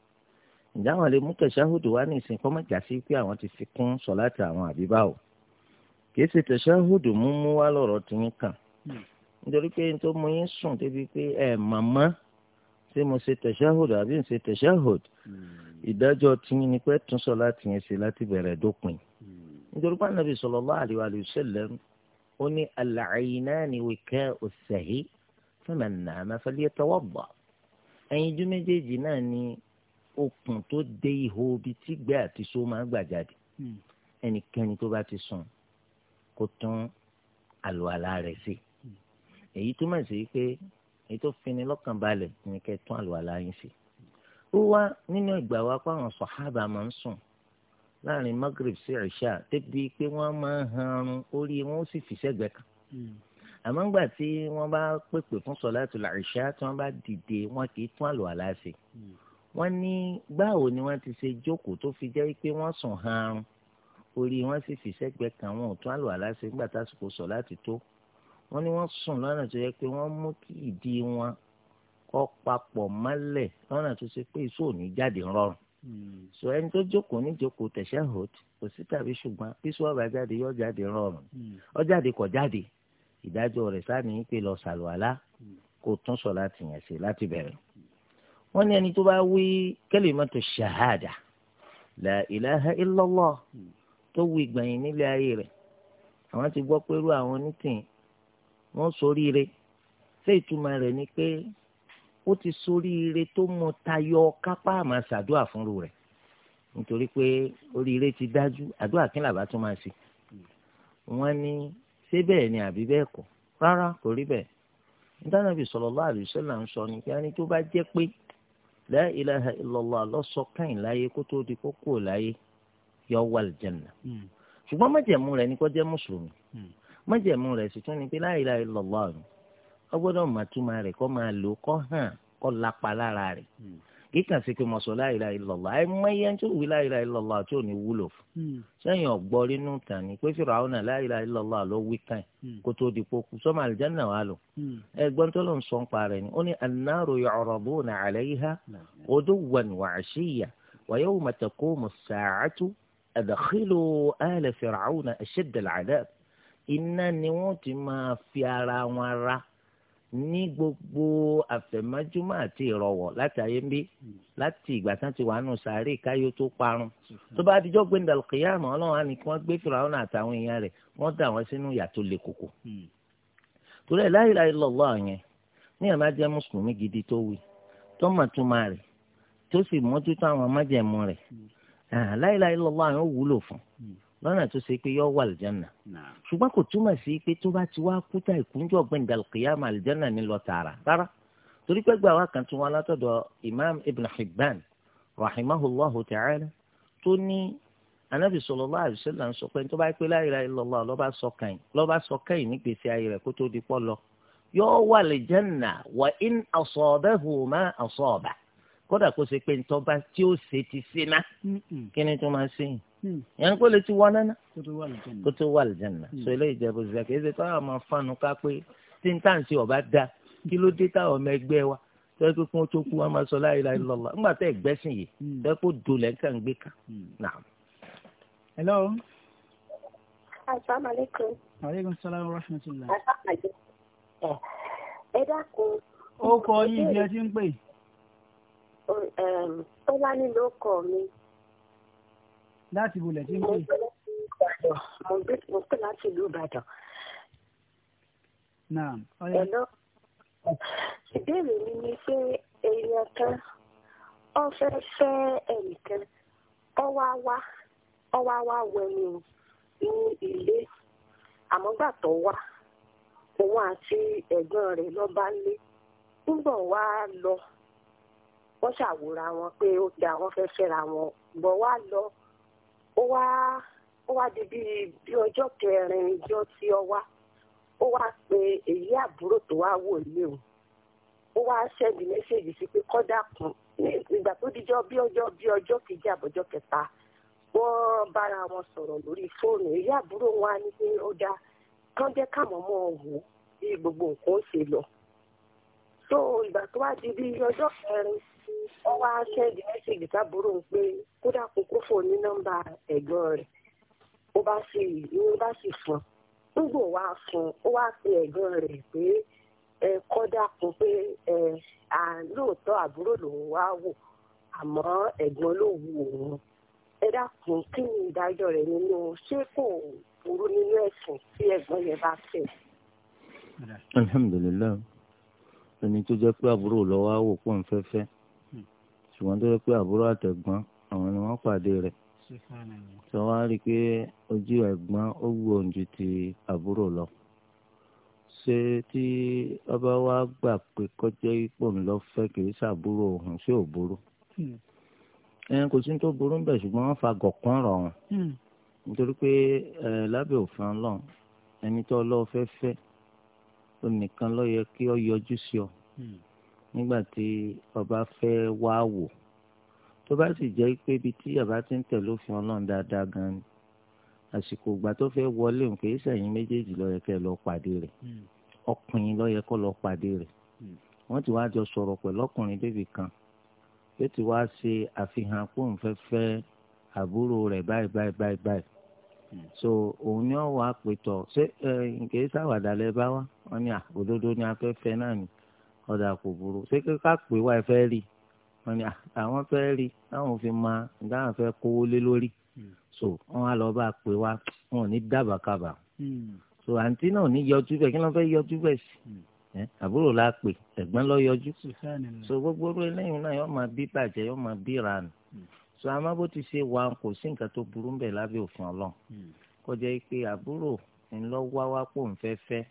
ǹjẹ́ àwọn lè mú tẹ̀síáhùdù wá ní ìsìn kọ́mọ̀jà sí pé àwọn ti fi kún sọ̀láàtì àwọn àbíbá o kìí ṣe tẹ̀síáhùdù mú mú wá lọ́rọ̀ tí yín kàn hmm. nítorí pé n tó mú yín sùn débi pé ẹ màmá ṣé mo ṣe tẹ̀síáhùdù àbí n ṣe tẹ̀síáhùdù hmm. ìdájọ́ tí yín ni pé tún sọ̀láàtì yẹn ṣe láti bẹ̀rẹ̀ dópin hmm. nítorí pé ànábì fúnmẹ̀ nàámà fẹ́lẹ́ tọwọ́ bọ̀ ẹyinjú méjèèjì náà ni okùn tó dé ihò ibi tí gbé àti so máa gbà jáde hmm. ẹnikẹ́ni tó bá ti sùn kó tún àlùwàlá rẹ̀ sí hmm. èyí túmọ̀ sí pé èyí tó fini lọ́kàn balẹ̀ ni kẹ́ tún àlùwàlá yín sí ó wá nínú ìgbà wa pé àwọn sọ̀hábà máa ń sùn láàrin magrib sí ìṣà débi pé wọ́n máa ń hanrun orí wọn ó sì fi sẹ́gbẹ̀ẹ́ kan. Hmm àmọ́ ńgbà tí wọ́n bá pèpè fún sọ̀láàtù làìṣá tí wọ́n bá dìde wọn kì í tún àlọ́ àláṣe hmm. wọ́n ní gbáwo ni wọ́n ti ṣe jókòó tó fi jẹ́ pé wọ́n sùn haarun orí wọn sì fi sẹ́gbẹ́ kan wọn ò tún àlọ́ àláṣe nígbà tásìkò sọ̀láàtù tó wọ́n ní wọ́n sùn lọ́nà tó yẹ pé wọ́n mú kí ìdí wọn kọ́ papọ̀ mọ́lẹ̀ lọ́nà tó ṣe pé iṣu ò ní jáde rọrùn hmm. so ẹni tó jókòó ní jókòó tẹ̀sẹ̀ hòt kò sí tàbí ṣùgbọ́n bí sọ́ọ̀bà jáde yóò jáde rọrùn hmm. ó jáde kò jáde ìdájọ́ rẹ̀ sáà ní pé lọ sàlùwàlá kó tún sọ láti yẹn ṣe láti bẹ̀rẹ̀ wọ́n ní ẹni tó bá wí kalimatu shahada la ilaha illallah tó wí gbẹ̀yìn nílé ayé rẹ̀ àwọn ti gbọ́ pé irú àwọn onítìyìn wọ́n soríire ṣé ìtumọ̀ rẹ̀ ni pé ó ti soríire tó mọ tayọ kápá àmà ṣàdúà fúnru rẹ̀ nítorí pé oríire ti dájú àdúà kí làbá tún máa ṣe wọ́n ní ṣé bẹ́ẹ̀ ni àbí bẹ́ẹ̀ kọ́ rárá kò rí bẹ́ẹ̀ nítorí sallallahu alaihi wasallam ń sọ ni kí á ní tó bá jẹ́ pé la ilaha illallah lọ́sọ láyé kó tó di kókó láyé yọ wà lìjẹ̀nà ṣùgbọ́n májẹ̀mú rẹ̀ ni kó jẹ́ mùsùlùmí hmm. májẹ̀mú rẹ̀ sì tún ni pé la ilaha ọgbọ́dọ̀ màtúmá rẹ̀ máa kì í kàn sí pé mo sọ la ilaha illallah ẹ mọ iye tó wí la ilaha illallah tó ní wúlò fún hmm. sẹ́yìn ọ̀gbọ́ nínú tàní pé Fíráúnà la ilaha illallah ló wí kàn hmm. kó tó di pokù sọ́mọ àlìjáná wa lò hmm. ẹgbọ́n tó ló ń sọ ń parẹ́ ni ó ní annaru yu'raduna 'alayha ghuduwwan wa 'ashiyyan wa yawma taqumu as-sa'atu adkhilu ala Fíráúnà ashadda al-'adhab iná ni wọ́n ti máa fi ara wọn ra ní gbogbo àfẹ̀mọ́júmọ́ àti ìrọ̀wọ̀ láti ayé ń bí láti ìgbà tán ti wà nù sàárè káyọ̀ tó parun tó bá dijọ́ gbé ndàlùkìyàmọ̀ ọlọ́run á ní kí wọ́n gbé fìràwọn àtàwọn èèyàn rẹ̀ wọ́n dà wọ́n sínú ìyà tó le koko. torí ẹ̀ la ilaha illallah yẹn ní ẹ̀ má jẹ́ mùsùlùmí gidi tó wí tó mọ̀ tó máa rẹ̀ tó sì mójútó àwọn májẹ̀mú rẹ̀ la ilaha illallah yẹn ó wúlò fún lọ́nà tó ṣe pé yọ wà àlìjánà ṣùgbọ́n kò túmọ̀ sí pé tó bá ti wá kúta ìkúnjọ́ gbẹ̀ǹdà kìyàmà àlìjánà ni lọ tààrà rárá torí pé gbà wá kan tún wá látọ̀dọ̀ imam ibn hibban rahimahullahu ta'ala tó ní anabi sallallahu alaihi wasallam sọ pé tó bá pé la ilaha illallah lọ́ba sọ kàn lọ́ba sọ kàn nígbèsè ayé rẹ̀ kó tó di pọ́ lọ yọ wà àlìjánà wa in asabahu Hmm. yẹn ni kó lè ti wọ nánà kó tó wà lìjànà hmm. so eléyìí jẹ bóṣù kí ẹsẹ káwọn máa fanu ká pé tí n tàǹsì ọba da kí ló dé táwọn ọmọ ẹgbẹ́ wa tẹ́ pé kí wọ́n tó kú wọn máa sọ la ilaha illallah ńgbà tẹ́ gbẹ́sìn yìí hmm. tẹ́ kó dolẹ̀ ká ń gbé ká. hello. asalaamualeykum. aleykum salaam wa rahmatulah. ẹ dákun. ó kọ yín bí ẹ ti ń pè. ó um, wá nílò ọkọ mi láti bolẹ̀ tí ń pè. mo pè láti ìlú Ìbàdàn. naam ọyọ. ìbéèrè mi ni pé èèyàn kan ó fẹ́ fẹ́ ẹnìkan ó wá wá ó wá wá wẹni ní ilé àmọ́ gbà tó wá òun àti ẹ̀gbọ́n rẹ̀ ló bá lé nígbà wá lọ wọ́n ṣàwòrán wọn pé ó da wọ́n fẹ́ fẹ́ra wọn bọ̀ wá lọ ó wá ó wá di bíi bí ọjọ́ kẹrin ìjọ tí ọ wá ó wá pe èyí àbúrò tó wá wò ní o ó wá ṣẹ́ẹ̀dì mẹ́sẹ̀gì sí pé kọ́dà kan nígbà tó dijọ́ bí ọjọ́ bí ọjọ́ kejì àbọ̀jọ́ kẹta wọ́n bára wọn sọ̀rọ̀ lórí fóònù èyí àbúrò wọn á ní pé ó dá kán jẹ́ káwọn mọ́ ọ wò bí gbogbo nǹkan ó ṣe lọ. tó ìgbà tó wá di bí ọjọ́ kẹrin wọ́n wá sẹ́ẹ̀dì mẹ́sẹ̀gì sábúrò ń pé kódà kó kó fò ní nọ́mbà ẹ̀gbọ́n rẹ̀ ó bá sì ní ó bá sì fún un gbò wá fún un ó wá pe ẹ̀gbọ́n rẹ̀ pé ẹ kọ́dà kó pé ẹ à lóòótọ́ àbúrò lòun wá wò àmọ́ ẹ̀gbọ́n ló wù òun ẹ dákun kí ni ìdájọ́ rẹ̀ nínú ṣé kò burú nínú ẹ̀sìn tí ẹ̀gbọ́n yẹn bá fẹ́. alhamdulilayi ẹni tó jẹ́ pé àbúrò lọ́wọ́ á wò pọ̀ ń fẹ́fẹ́ ṣùgbọ́n tó yẹ pé àbúrò àtẹ̀gbọ́n àwọn ni wọ́n pàdé rẹ̀ tó wá rí i pé ojú ẹ̀gbọ́n ó gbòòn ju ti àbúrò lọ ṣé tí ọba wa gbà pé kọjá ipò ńlọ fẹ́ kì í ṣàbúrò òun ṣé ò burú hmm. kò sí tó burú bẹ́ẹ̀ ṣùgbọ́n wọ́n fa gọ̀kan rọ̀ wọn hmm. nítorí pé lábẹ́ òfin ọlọ́run ẹni tó lọ́ọ́ fẹ́ fẹ́ onìkan ló yẹ kí ó yọjú sí ọ hmm nígbà tí ọba fẹ́ wá wò tó bá sì jẹ́ pé ibi tí yàrá ti ń tẹ̀ lófin ọlọ́run dáadáa gan ni àsìkò ìgbà tó fẹ́ wọlé nǹkan èyí sẹ́yìn méjèèjì lọ́yẹ kẹ́ lọ pàdé rẹ̀ hmm. ọkùnrin lọ́yẹ kọ́ lọ pàdé rẹ̀ hmm. wọ́n ti wá jọ sọ̀rọ̀ pẹ̀lú ọkùnrin débi kan tó ti wá ṣe àfihàn pòun fẹ́ àbúrò rẹ̀ báyìí báyìí báyìí báyìí hmm. so òun ni ọ̀ wá pè tọ̀ ṣé nǹkan èyí sáwàdà lẹ bá wá wọ́n ní òdodo ni afẹ́fẹ́ náà ni ọ̀dà kò burú ṣé kí ká pè wá ẹ fẹ́ rí wọn ni àwọn fẹ́ rí táwọn fi máa dáhùn fẹ́ kówó lé lórí hmm. so wọn á lọ bá a pè wá wọn ò ní dábàá kábà hmm. so àǹtí náà ní yọjú bẹ́ẹ̀ kí ló fẹ́ yọjú bẹ́ẹ̀ sí hmm. àbúrò la pè ẹ̀gbọ́n lọ yọjú so gbogbo orí eléyìí náà yóò máa bí bàjẹ́ yóò máa bí ìranù so àmọ́ bó ti ṣe wà kò sí nǹkan tó burú ń bẹ̀ lábẹ́ òfin ọlọ́run kó pé àbúrò ńlọ wá wá pò ń fẹ́ fẹ́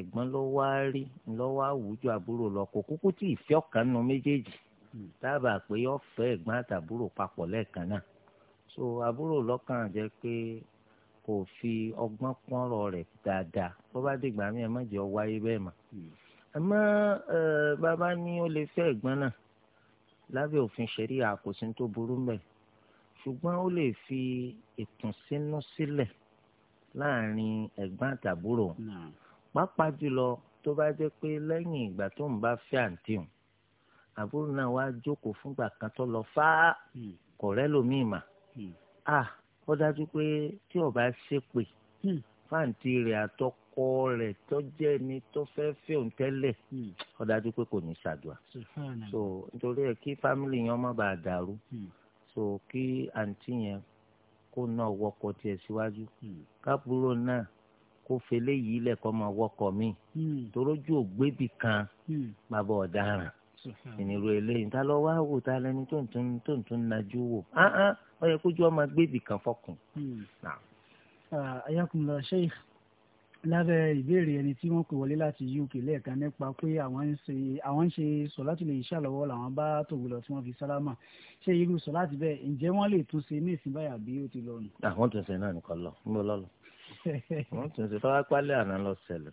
ẹ̀gbọ́n ló wá rí ló wá wùjú àbúrò lọ kò kúkú tí ìfẹ́ ọ̀kan nu méjèèjì hmm. dábàá pé ó fẹ́ àtàbúrò papọ̀ lẹ́ẹ̀kan náà so àbúrò lọ́kàn jẹ́ pé kò fi ọgbọ́n pọ́nrọ rẹ̀ dáadáa bó bá dìgbà mí ẹ má jẹ́ ọ wáyé bẹ́ẹ̀ mọ́ hmm. àmọ́ bàbá ní ó lè fẹ́ ẹ̀gbọ́n náà lábẹ́ òfin ṣẹ̀rí àkòsí tó burú mẹ́ ṣùgbọ́n ó lè fi ìkùnsínú sílẹ̀ láàrin ẹ̀gbọ́n àtàbúrò. Nah pàápàá jùlọ tó bá jẹ́ pé lẹ́yìn ìgbà tó ń bá fẹ́ àǹtí hùn àbúrò náà wá jókòó fúngbà kan tó lọ fá kọ̀rẹ́ lómi mà á ó dájú pé tí ó bá ṣépè fáǹtí rẹ̀ àtọkọ rẹ̀ tó jẹ́ ni tó fẹ́ fẹ́ òun tẹ́lẹ̀ ó dájú pé kò ní ṣàdùà so nítorí ẹ kí fámìlì yẹn má bàa dàrú so kí àǹtí yẹn kó náà wọkọ̀ tiẹ̀ síwájú hmm. káàbúrò náà kó fele yìí lẹ́kọ́ máa wọ́kọ̀ mi hmm. torójú ògbébì kan hmm. bàbá ọ̀daràn ìnirú eléyìí ta lọ wá wò ta lẹni tó ń tún tó ń tún najú wò áhán ó yẹ kójú ọmọ gbébì kan fọkùn. Hmm. Ah, ayakunla sheikh lábẹ́ ìbéèrè ẹni tí wọ́n pè wọlé láti UK lẹ́ẹ̀kan nípa pé àwọn ń ṣe àwọn ń ṣe sọ̀láàtì lè ṣàlọ́wọ́ làwọn bá tòwú lọ tí wọ́n fi sálámà ṣé irú sọ̀láàtì bẹ́ẹ̀ ǹjẹ́ wọ́n lè tún ṣe ní ìsìn bí ó ti lọ àwọn ah, tó ṣe náà nìkan lọ ń bọ lọ́lọ́ wọ́n tún ṣe fáwọn apálẹ̀ àná lọ sẹlẹ̀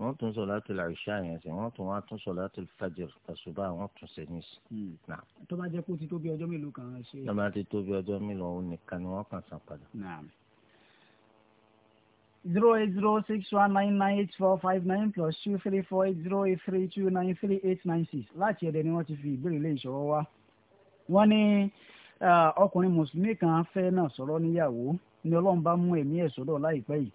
wọ́n tún sọ láti làrìṣà yẹn sí wọ́n tún wọ́n tún sọ láti fàjẹr àṣùbà wọ́n tún ṣe ní sí. Hmm. tó bá jẹ́ kó ti tó bí ọjọ́ mélòó kan ṣe. tó bá ti tó ọjọ́ mélòó òun nìkan ni wọ́n kàn san padà. zero eight zero six one nine nine eight four five nine plus two three four eight zero eight three two nine three eight nine six láti ẹ̀dẹ̀ ni wọ́n ti fi ìbéèrè lé ìṣòro wa. wọ́n ní uh, ọkùnrin mùsùlùmí kan fẹ́ náà sọ̀rọ̀ níyàwó ni ọlọ́run bá mú ẹ̀mí ẹ̀ sọ́dọ̀ láìpẹ́ yìí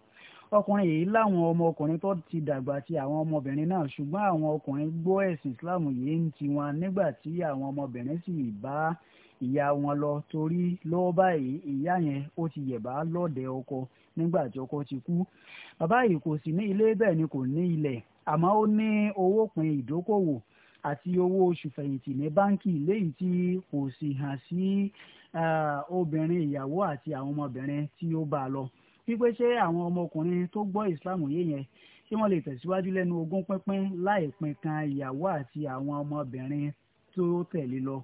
ọkùnrin yìí láwọn ọmọ ọkùnrin tó ti dàgbà ti àwọn ọmọbìnrin náà ṣùgbọ́n àwọn ọkùnrin gbọ́ ẹ̀sìn islam yìí ń tiwọn nígbà tí àwọn ọmọbìnrin sì bá ìyá wọn lọ torí lọ́wọ́ báyìí ìyá yẹn ó ti yẹ̀bá lọ́ọ̀dẹ ọkọ nígbà tí ọkọ ti kú bàbá yìí kò sí ní ilé bẹ́ẹ̀ ni kò ní ilẹ̀ àmọ́ ó ní owó pin ìdókòwò àti owó oṣù fẹ̀yìntì ní báńkì léyìí tí kò sì hàn sí obìnrin ìyàwó àti àwọn ọmọbìnrin tí ó bá a lọ wípé ṣé àwọn ọmọkùnrin tó gbọ́ ìsìláàmù yé yẹn ṣé wọ́n lè tẹ̀síwájú lẹ́nu ogún pínpín láì pín kan ìyàwó àti àwọn ọmọbìnrin tó tẹ̀lé lọ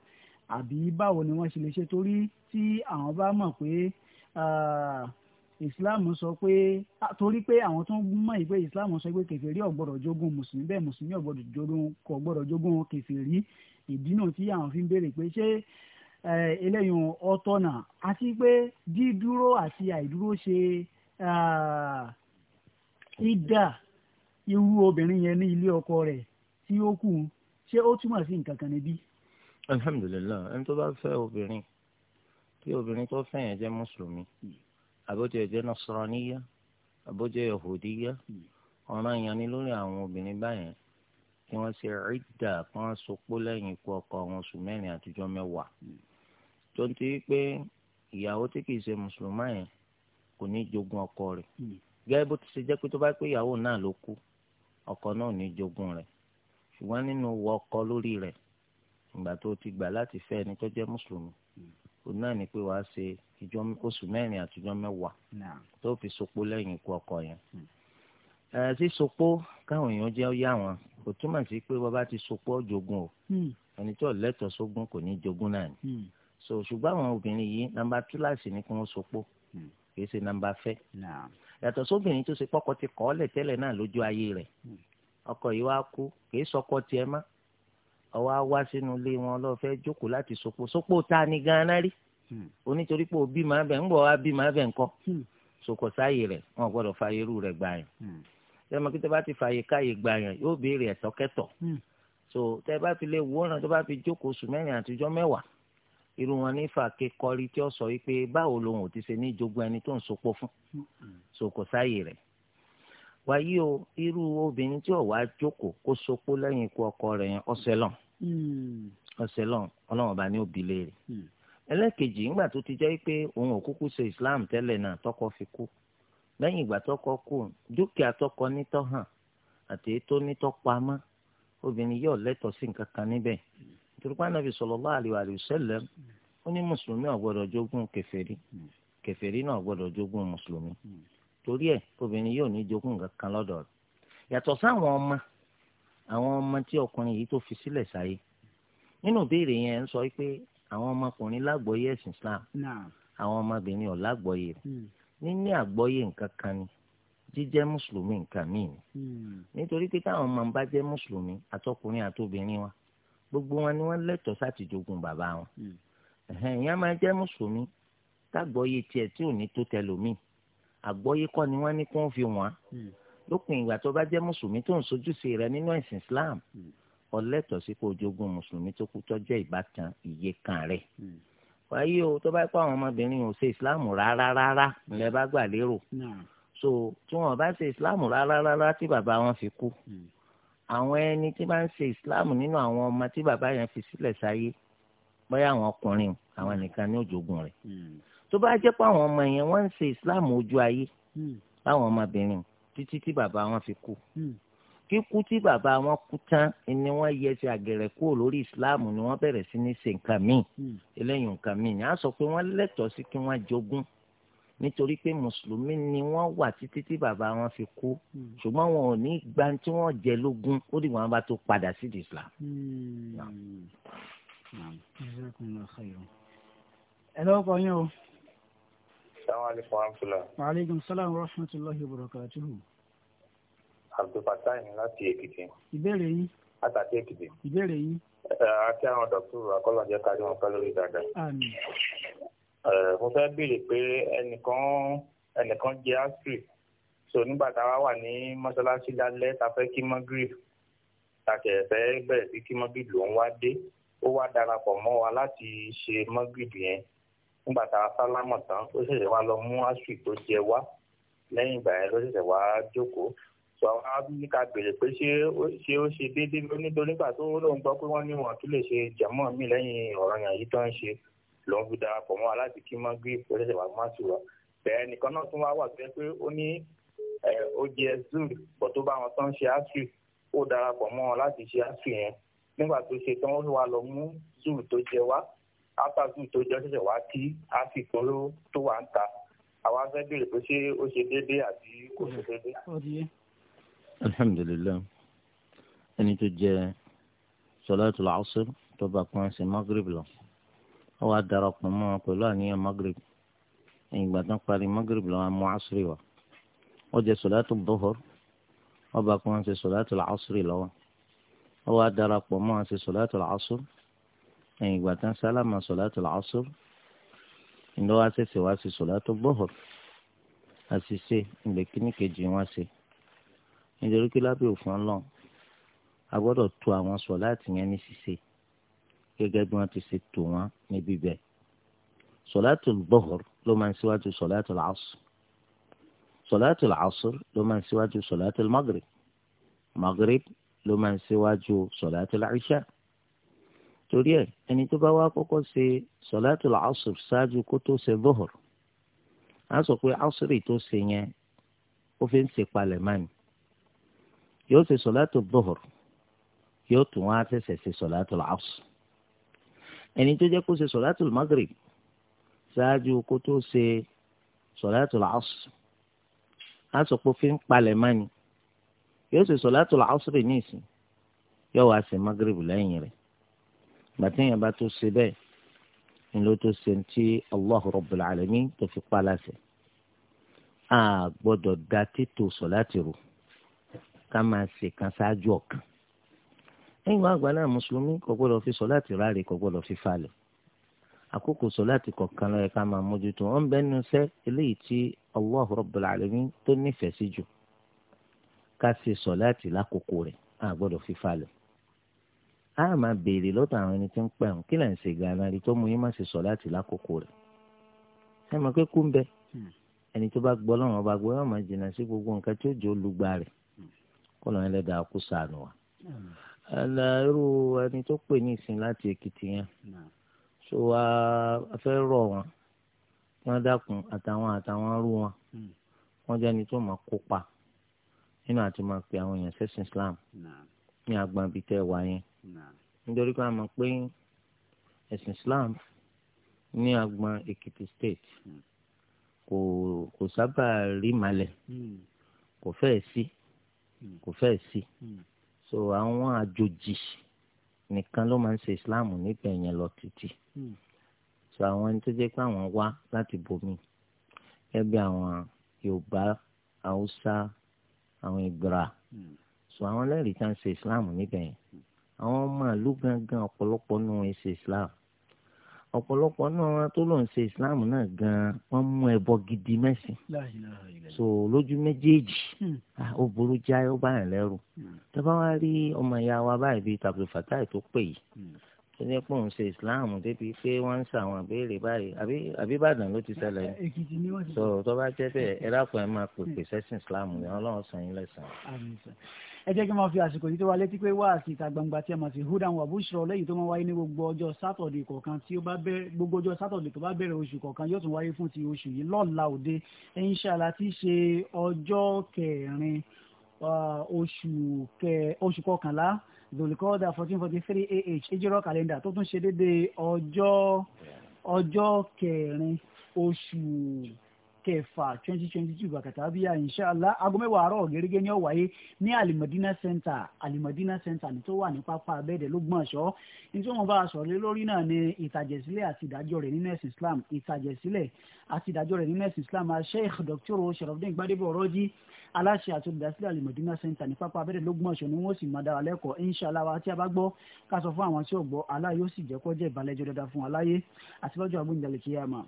àbí báwo ni wọ́n ṣe lè ṣe torí tí àwọn bá mọ̀ pé islam sọ pé torí pé àwọn tó ń mọ̀ ìpè islam sọ pé kèfèrí ò gbọ́dọ̀ jogún mùsùlùmí bẹ́ẹ̀ mùsùlùmí ò gbọ́dọ̀ jogún kò gbọ́dọ̀ jogún kèfèrí ìdí náà tí àwọn fi ń béèrè pé ṣé eléyìí ọ̀tọ̀nà àti pé dídúró àti àìdúró ṣe ìdá irú obìnrin yẹn ní ilé ọkọ rẹ̀ tí ó kù ṣé ó túmọ̀ sí nǹkan kan níbí. alhamdulilayi ẹni tó bá fẹ́ obìnrin kí obìnrin tó fẹ́ yẹn jẹ́ mùsùlùmí àbójẹ jẹ́ nasraniya àbójẹ yahudiya ọ̀ràn yẹn ni lórí àwọn obìnrin báyẹn kí wọ́n ṣe ìdá kí wọ́n sopó lẹ́yìn ikú ọkọ wọn oṣù mẹ́rin àtijọ́ mẹ́wàá tó ń ti pé ìyàwó tí kìí ṣe mùsùlùmá yẹn kò ní jogún ọkọ rẹ̀ hmm. gẹ́gẹ́ bó ti ṣe jẹ́ pé tó bá pé ìyàwó náà ló kú ọkọ náà ní jogún rẹ̀ ṣùgbọ́n nínú wọ ọkọ lórí rẹ̀ ìgbà tó ti gbà láti fẹ́ ẹni tó jẹ́ mùsùlùmí hmm. òun náà ni pé wàá ṣe ìjọ oṣù mẹ́rin àtijọ́ mẹ́wàá tó fi sopó lẹ́yìn ikú ọkọ yẹn hmm. ẹ sí sopó káwọn èèyàn jẹ́ yá wọn kò túmọ̀ sí pé bàbá ti sopó jogún o ẹni tó lẹ́tọ̀ọ́ sógún kò ní jogún náà ni so ṣùgbọ́n àwọn obìnrin yìí nàmbà túláàsì ni kí wọ́n sopó hmm. kì í ṣe nàmbà fẹ́ yàtọ̀ sóbìnrin tó ṣe pọ́kọ ti kọ́ ọ́lẹ̀ tẹ́lẹ̀ náà lójú ayé rẹ̀ hmm. ọkọ yìí wá kú kì í sọkọ tiẹ̀ má ọwọ́ á wá sínú ilé wọn lọ́ọ́ fẹ́ jókòó láti sopó sopó ta ni gan-an rí onítorí hmm. pé òbí máa bẹ̀ ń bọ̀ wá bí máa bẹ̀ ń kọ́ sokò sáyè rẹ̀ wọn gbọ́dọ̀ fa irú rẹ̀ gbà yẹn tẹ́ bá ti fààyè káyè gbà yóò béèrè ẹ̀tọ́kẹ́tọ̀ so tẹ́ bá fi lè wọ́ràn tó bá fi jókòó sùn mẹ́rin àtijọ́ mẹ́wàá irú wọn ní fàáké kọrí tí ó sọ wípé báwo lòun ò ti ṣe ní jogún ẹni tó ń sopọ̀ fún sokò sáyè rẹ̀ wáyé o irú obìnrin tí ò wá jókòó kó sopọ̀ lẹ́yìn ikú ọkọ rẹ yẹn ọ̀sẹ̀ lọ́n hmm. ọ̀sẹ̀ lọ́n ọlọ́run ọba ní òbí léèrè hmm. ẹlẹ́kejì ńgbà tó ti jẹ́ pé òun ò kúkú ṣe islam tẹ́lẹ̀ náà tọkọ fi kú lẹ́yìn ìgbà tọkọ kú dúkìá tọkọ nítọ́ hàn àti ètò nítọ́ pamọ́ obìnrin yóò lẹ́tọ̀ọ́ sí nǹkan kan níbẹ̀ hmm. torípa nàbì sallallahu alaihi wa sallam ó ní mùsùlùmí ò gbọ́dọ̀ jogún kèfèrí kèfèrí náà ò gbọ́dọ̀ jogún mùsùlùmí torí ẹ̀ obìnrin yóò ní jogún kankan lọ́dọ̀ rẹ̀ yàtọ̀ sáwọn ọmọ àwọn ọmọ tí ọkùnrin yìí tó fi sílẹ̀ sáyé nínú ìbéèrè yẹn ń sọ pé àwọn ọmọkùnrin lágbọ́yé ẹ̀sìn Islam àwọn ọmọbìnrin ò lágbọ́yé hmm. níní àgbọ́yé nǹkan kan ni jíjẹ́ mùsùlùmí nǹkan míì ni hmm. nítorí pé táwọn ọmọ bá jẹ́ mùsùlùmí àtọkùnrin àtobìnrin wa gbogbo wọn ni wọ́n lẹ́tọ̀ọ́ sáti jogun bàbá wọn hmm. ìyẹn máa jẹ́ mùsùlùmí tágbọ́yé tiẹ̀ tí ò ní tó tẹlòmíì àgbọ́yé kọ́ ni wọ́n ní kó ń fi wọ́n hmm. lópin ìgbà tó bá jẹ́ mùsùlùmí tó ń sojúṣe rẹ̀ nínú ẹ̀sìn Islam hmm. ó lẹ́tọ̀ọ́ sí kó jogun mùsùlùmí tó kú tọ́jọ́ ìbátan iye kan rẹ̀ wáyé o tó bá pa àwọn ọmọbìnrin ò ṣe Islam rárá rárá ńlẹ̀ bá gbà lérò so tí wọn bá ṣe Islam rárá rárá tí bàbá wọn fi kú àwọn ẹni tí bá ń ṣe ìsìláàmù nínú àwọn ọmọ tí bàbá yẹn fi sílẹ̀ sáyé bóyá àwọn ọkùnrin àwọn nìkan ní òjògùn rẹ̀ hmm. tó bá jẹ́ pé àwọn ọmọ yẹn wọ́n ń ṣe ìsìláàmù ojú ayé hmm. láwọn ọmọbìnrin títí tí bàbá wọn fi kú hmm. kíkú tí bàbá wọn kú tán ni wọ́n yẹ ti àgẹ̀rẹ̀ kúrò lórí ìsìláàmù ni wọ́n bẹ̀rẹ̀ sí ní ṣe nǹkan míì eléyìí nǹkan míì ni a sọ pé wọ́n lẹ́tọ̀ọ́ sí kí wọ́n jogún nítorí pé mùsùlùmí ni wọ́n wà títí tí bàbá wọn fi kú hmm. ṣùgbọ́n wọn ò ní gba tí wọ́n jẹ lógún ó dì wọ́n bá tó padà sí di Islam. Hmm. ẹ lọ́wọ́ kọ́ yín o. salaamaleykum wa rahmatulah. maaleykum salaam wa rahmatulahi wa barakatuhu. ni láti Èkìtì. ìbéèrè yín. látàtí Èkìtì. ìbéèrè yín. àti àwọn dọ̀tún akọ́lọ́jẹ́ kárí wọn pẹ́ lórí Eh, mo fẹ́ béèrè pé ẹnìkan ẹnìkan jẹ asiri so nígbà tá a wà ní mọ́ṣáláṣí lálẹ́ ta fẹ́ kí mọ́gírì tàkẹ́ fẹ́ bẹ̀rẹ̀ sí kí mọ́gírì lòún wá dé ó wá darapọ̀ mọ́ wa láti ṣe mọ́gírì yẹn nígbà tá a sálámọ̀ tán ó ṣẹ̀ṣẹ̀ wá lọ mú asiri tó jẹ wá lẹ́yìn ìgbà yẹn ló ṣẹ̀ṣẹ̀ wá jókòó sọ àwọn ní ká béèrè pé ṣé ṣé ó ṣe déédéé nítorí nígbà tó lóun gbọ́ pé wọ́n ní wọn tún lè ṣe jẹ̀mọ́ mi lẹ́yìn ọ̀ranyàn yìí tó ń ṣe lòun fi darapọ̀ mọ́ wa láti kí mọ́ gírí ìfọ̀ wà má sí wa bẹ́ẹ̀ nìkan náà tún wá wà tó yẹ pé ó ní ó jẹ zuri bọ̀ tó bá wọn tán ṣe áṣù ó darapọ̀ mọ́ wọn láti ṣe áṣù yẹn nígbà tó ṣe tán ó wá lọ mú zuri tó jẹ wá ápá zuri tó jẹ ṣẹ̀ṣẹ̀ wá kí áṣù kan ló tó wà ń ta àwa fẹ́ béèrè pé ṣé ó ṣe déédéé àti kò ṣe déédéé. alhamdulilayi ẹni tó jẹ sọlá tó tó bá pọn ẹsẹ magreb lọ ó wá darapọ̀ mọ́ wọn pẹ̀lú àníyàn magreb ẹ̀yìn ìgbà tán parí magreb làwọn mú asiri wá wọ́n jẹ sọ̀láàtù bọ́họ́r wọ́n bá kó wọn ṣe sọ̀láàtù làásùrì lọ́wọ́ ó wá darapọ̀ mọ́ wọn ṣe sọ̀láàtù làásùr ẹ̀yìn ìgbà tán sálámà sọ̀láàtù làásùr ìlú wa ṣẹ̀ṣẹ̀ wá ṣe sọ̀láàtù bọ́họ́r àṣìṣe ìgbẹ́ kíní kejì wọn ṣe nítorí lábẹ́ òfin gẹ́gẹ́ bí wọ́n ti ṣe tò wọ́n níbí bẹ́ẹ̀ sọ̀láàtù bọ́hùr ló máa ń síwájú sọ̀láàtù làásù sọ̀láàtù làásù ló máa ń síwájú sọ̀láàtù magrib magrib ló máa ń síwájú sọ̀láàtù làíṣà torí ẹ ẹni tó bá wá kọ́kọ́ ṣe sọ̀láàtù làásù ṣáájú kó tó ṣe bọ́hùr á sọ pé àásùrì tó ṣe yẹn ó fi ń ṣe palẹ̀ mọ́ni yóò ṣe sọ̀láàtù bọ́hùr yóò tún wá tẹ̀sẹ̀ ṣe sọ̀láàtù làásù ẹni tó jẹ́ kó ṣe sọ̀látùl magrib ṣáájú kó tó ṣe sọ̀látùl asr á sọ pé fi ń palẹ̀ má ni yóò ṣe sọ̀látùl asr ní ìsìn yóò wá ṣe magrib lẹ́yìn rẹ̀ gbàtíyàn bá tó ṣe bẹ́ẹ̀ ni ló tó ṣe ti Allahu Rabbul Alamin tó fi pa a gbọ́dọ̀ da títò sọ̀látì rò ká máa ṣe kan ṣáájú ọ̀kan lẹ́yìn wá àgbà náà mùsùlùmí kò gbọ́dọ̀ fi sọ̀láàtì ráre kò gbọ́dọ̀ fi falẹ̀ àkókò sọ̀láàtì kọ̀ọ̀kan lọ́yẹ ká máa mójútó wọn bẹ́ẹ̀ nu sẹ́ eléyìí tí Allah Rabbul Alamin tó nífẹ̀ẹ́ sí jù ká ṣe sọ̀láàtì lákòókò rẹ̀ á gbọ́dọ̀ fi falẹ̀ á máa béèrè lọ́tọ̀ àwọn ẹni tí ń pẹ̀ hàn kí lẹ́yìn ṣe gánà rí tó mú yín má ṣe sọ̀láàtì lákòókò rẹ̀ ẹ mọ̀ pé kú ń bẹ hmm. ẹni tó bá gbọ́ lọ́wọ́ bá gbọ́ yóò máa jìnnà sí gbogbo nǹkan tí ó jẹ́ olùgbà rẹ̀ hmm. kọ́ lọ́n ẹlẹ́dàá kú sànù wa. Hmm. ala irú ẹni tó pè ní ìsìn láti èkìtì so a fẹ́ rọ̀ wọ́n wọ́n dákun àtàwọn àtàwọn wọn wọ́n jẹ́ ẹni tó máa kópa nínú àti máa pe àwọn èèyàn sẹ́sìn Islam ní agbọn ibi tẹ́ wà yẹn nítorí pé a mọ̀ pé ẹ̀sìn Islam ní agbọn Èkìtì state kò kò sábà rí malẹ̀ kò fẹ́ẹ̀ sí so àwọn àjòjì nìkan ló máa ń ṣe islam nígbà yẹn lọ títí hmm. so àwọn ẹni tó jẹ́ pé àwọn wá láti bomi gẹ́gẹ́ àwọn yorùbá haúsá àwọn ìgbìrà hmm. so àwọn lẹ́rìí tá à ń ṣe islam níbẹ̀ yẹn hmm. àwọn ọmọ ìlú gangan ọ̀pọ̀lọpọ̀ nù ń ṣe islam ọ̀pọ̀lọpọ̀ náà wọn tó lọ́n ṣe islam náà gan-an wọ́n mú ẹbọ gidi mẹ́sìn so lójú méjèèjì hmm. ó burú jáì ó bá yàn lẹ́rù hmm. tọ́ba wá rí ọmọ ìyá wa báyìí bíi tàbí fatai tó pè yìí hmm. tó ní pọ̀ ń ṣe islam débi pé wọ́n ń ṣàwọn àbẹ́rẹ́ báyìí àbí Ìbàdàn ló ti ṣẹlẹ̀ so tọ́ba jẹ́ bẹ́ẹ̀ ẹ dákun ẹ máa pèpè sẹ́sìn islam ni ọlọ́run sàn yín lẹ́sàn-án ẹ jẹ́ kí n máa fi àsìkò yìí tó wa létí pé wáàsí ìta gbangba tí a máa fi hudan wa bushra lẹ́yìn tó máa wáyé ní gbogbo ọjọ́ sátọ̀dẹ̀ kọ̀ọ̀kan tí ó bá bẹ̀rẹ̀ gbogbo ọjọ́ sátọ̀dẹ̀ tó bá bẹ̀rẹ̀ oṣù kọ̀ọ̀kan yóò tún wáyé fún ti oṣù yìí lọ́la òde inṣàlá tí í ṣe ọjọ́ kẹrin oṣù kọkànlá zolikọ́dà fourteen forty three ah ejirọ́ kàlẹ́ndà tó tún ṣe déédéé ọjọ́ ọjọ́ kẹrin kẹfà twenty twenty two bàkàtà bíyà inshàlá aago mẹ́wàá àárọ̀ gẹ́gẹ́ ní ó wáyé ní alimadina center alimadina center ní tó wà ní pápá abẹ́ẹ̀dẹ̀ lọ́gbọ̀nsọ́ ní tí wọ́n bá a sọ̀rọ̀ lé lórí náà ni ìtàjẹ̀sílẹ̀ àti ìdájọ́ rẹ̀ nínú ẹ̀sìn islam ìtàjẹ̀sílẹ̀ àti ìdájọ́ rẹ̀ nínú ẹ̀sìn islam sheikh dr sharafdin gbadebo ọ̀rọ̀jì aláṣẹ àti olùdásílẹ̀ alimọ̀dínà center ní pápá abẹ́rẹ́ lógúnmọ̀ṣọ́ ni wọ́n sì máa dára lẹ́kọ̀ọ́ inshallah wa tí a bá gbọ́ ká sọ fún àwọn tí ò gbọ́ aláà yóò sì jẹ́ kó ìbàlẹ́jọ́ dáadáa fún aláyé àti lọ́jọ́ àgbóǹdàlẹ̀ kíyàmá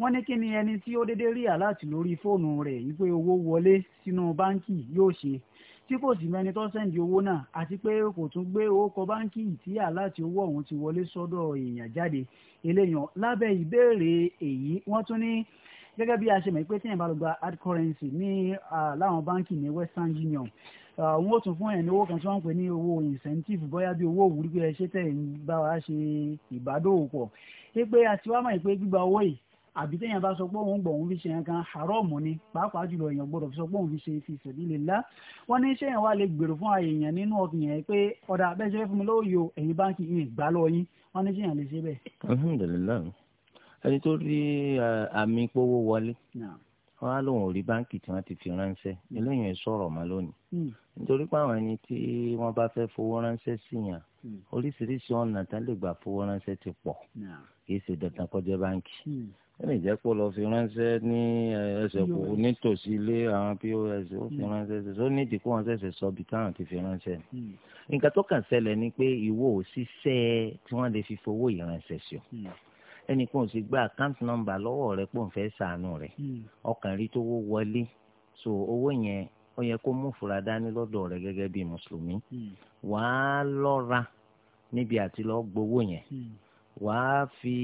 wọ́n ní kí ni ẹni tí ó déédéé rí àláàtì lórí fóònù rẹ̀ wípé owó wọlé sínú báńkì yóò ṣe tí kò sì mẹ́ni tó sẹ́ndì owó náà àti pé kò tún gbé orúkọ báńkì tí àláàtì owó ọ̀hún ti wọlé sọ́dọ̀ èèyàn jáde eléyàn lábẹ́ ìbéèrè èyí wọ́n tún ní gẹ́gẹ́ bí a ṣe mọ̀ pé tí èèyàn bá lọ gba hard currency ní láwọn báńkì ní Western Union wọn ó tún fún ẹ̀ ní owó kan tí wọ́n ń pè ní owó incentive bóyá bí owó òwúrí pé ẹ ṣe tẹ̀ ń bá wa ṣe ìbádòwòpọ̀ ẹ pé àti wá mọ̀ pé gbígba owó yìí àbí téèyàn bá sọ pé òun gbọ̀ òun fi ṣe yẹn kan haram ni pàápàá jùlọ èèyàn gbọ́dọ̀ fi sọ pé òun fi ṣe fi sabilillah wọ́n ní ṣé èèyàn wá lè gbèrò fún èèyàn nínú ọkàn yẹn pé ọ̀dà abẹ́sẹ̀ fún mi lówó ẹ̀yìn báńkì yìí wọ́n ní ṣé èèyàn lè ṣe bẹ́ẹ̀. alhamdulilayi ẹni tó rí àmì ìpowó wọlé wọn á lóun ò rí báǹkì tí wọn ti fi ránṣẹ́ hmm. eléyìí ẹ sọ̀rọ̀ mọ́ lónìí hmm. nítorí pé àwọn ẹni tí wọn bá fẹ́ fowó ránṣẹ́ sí yàn hmm. oríṣiríṣi ọ̀nà tá lè gbà fowó ránṣẹ́ ti pọ̀ kì í ṣe dandan kọjá báǹkì ó lè jẹ́ pé lọ fi ránṣẹ́ ní ẹsẹ̀ kò nítòsí ilé àwọn pos ó fi ránṣẹ́ ó ní ìdíkù wọn ṣẹ̀ṣẹ̀ sọ bí táwọn ti fi ránṣẹ́ nǹkan tó kàn ṣẹlẹ̀ ni pé ìwọ òṣìṣẹ́ tí wọ́n lè fi fowó yìí sí ẹnì kan ò sì gba account number lọ́wọ́ rẹ pò ń fẹ́ sànù rẹ hmm. ọkàn rí tó wọlé so owó yẹn ó yẹ kó mú fura dání lọ́dọ̀ rẹ gẹ́gẹ́ bí mùsùlùmí hmm. wàá lọ́ra níbi àti lọ́ọ́ gbowó yẹn hmm. wàá fi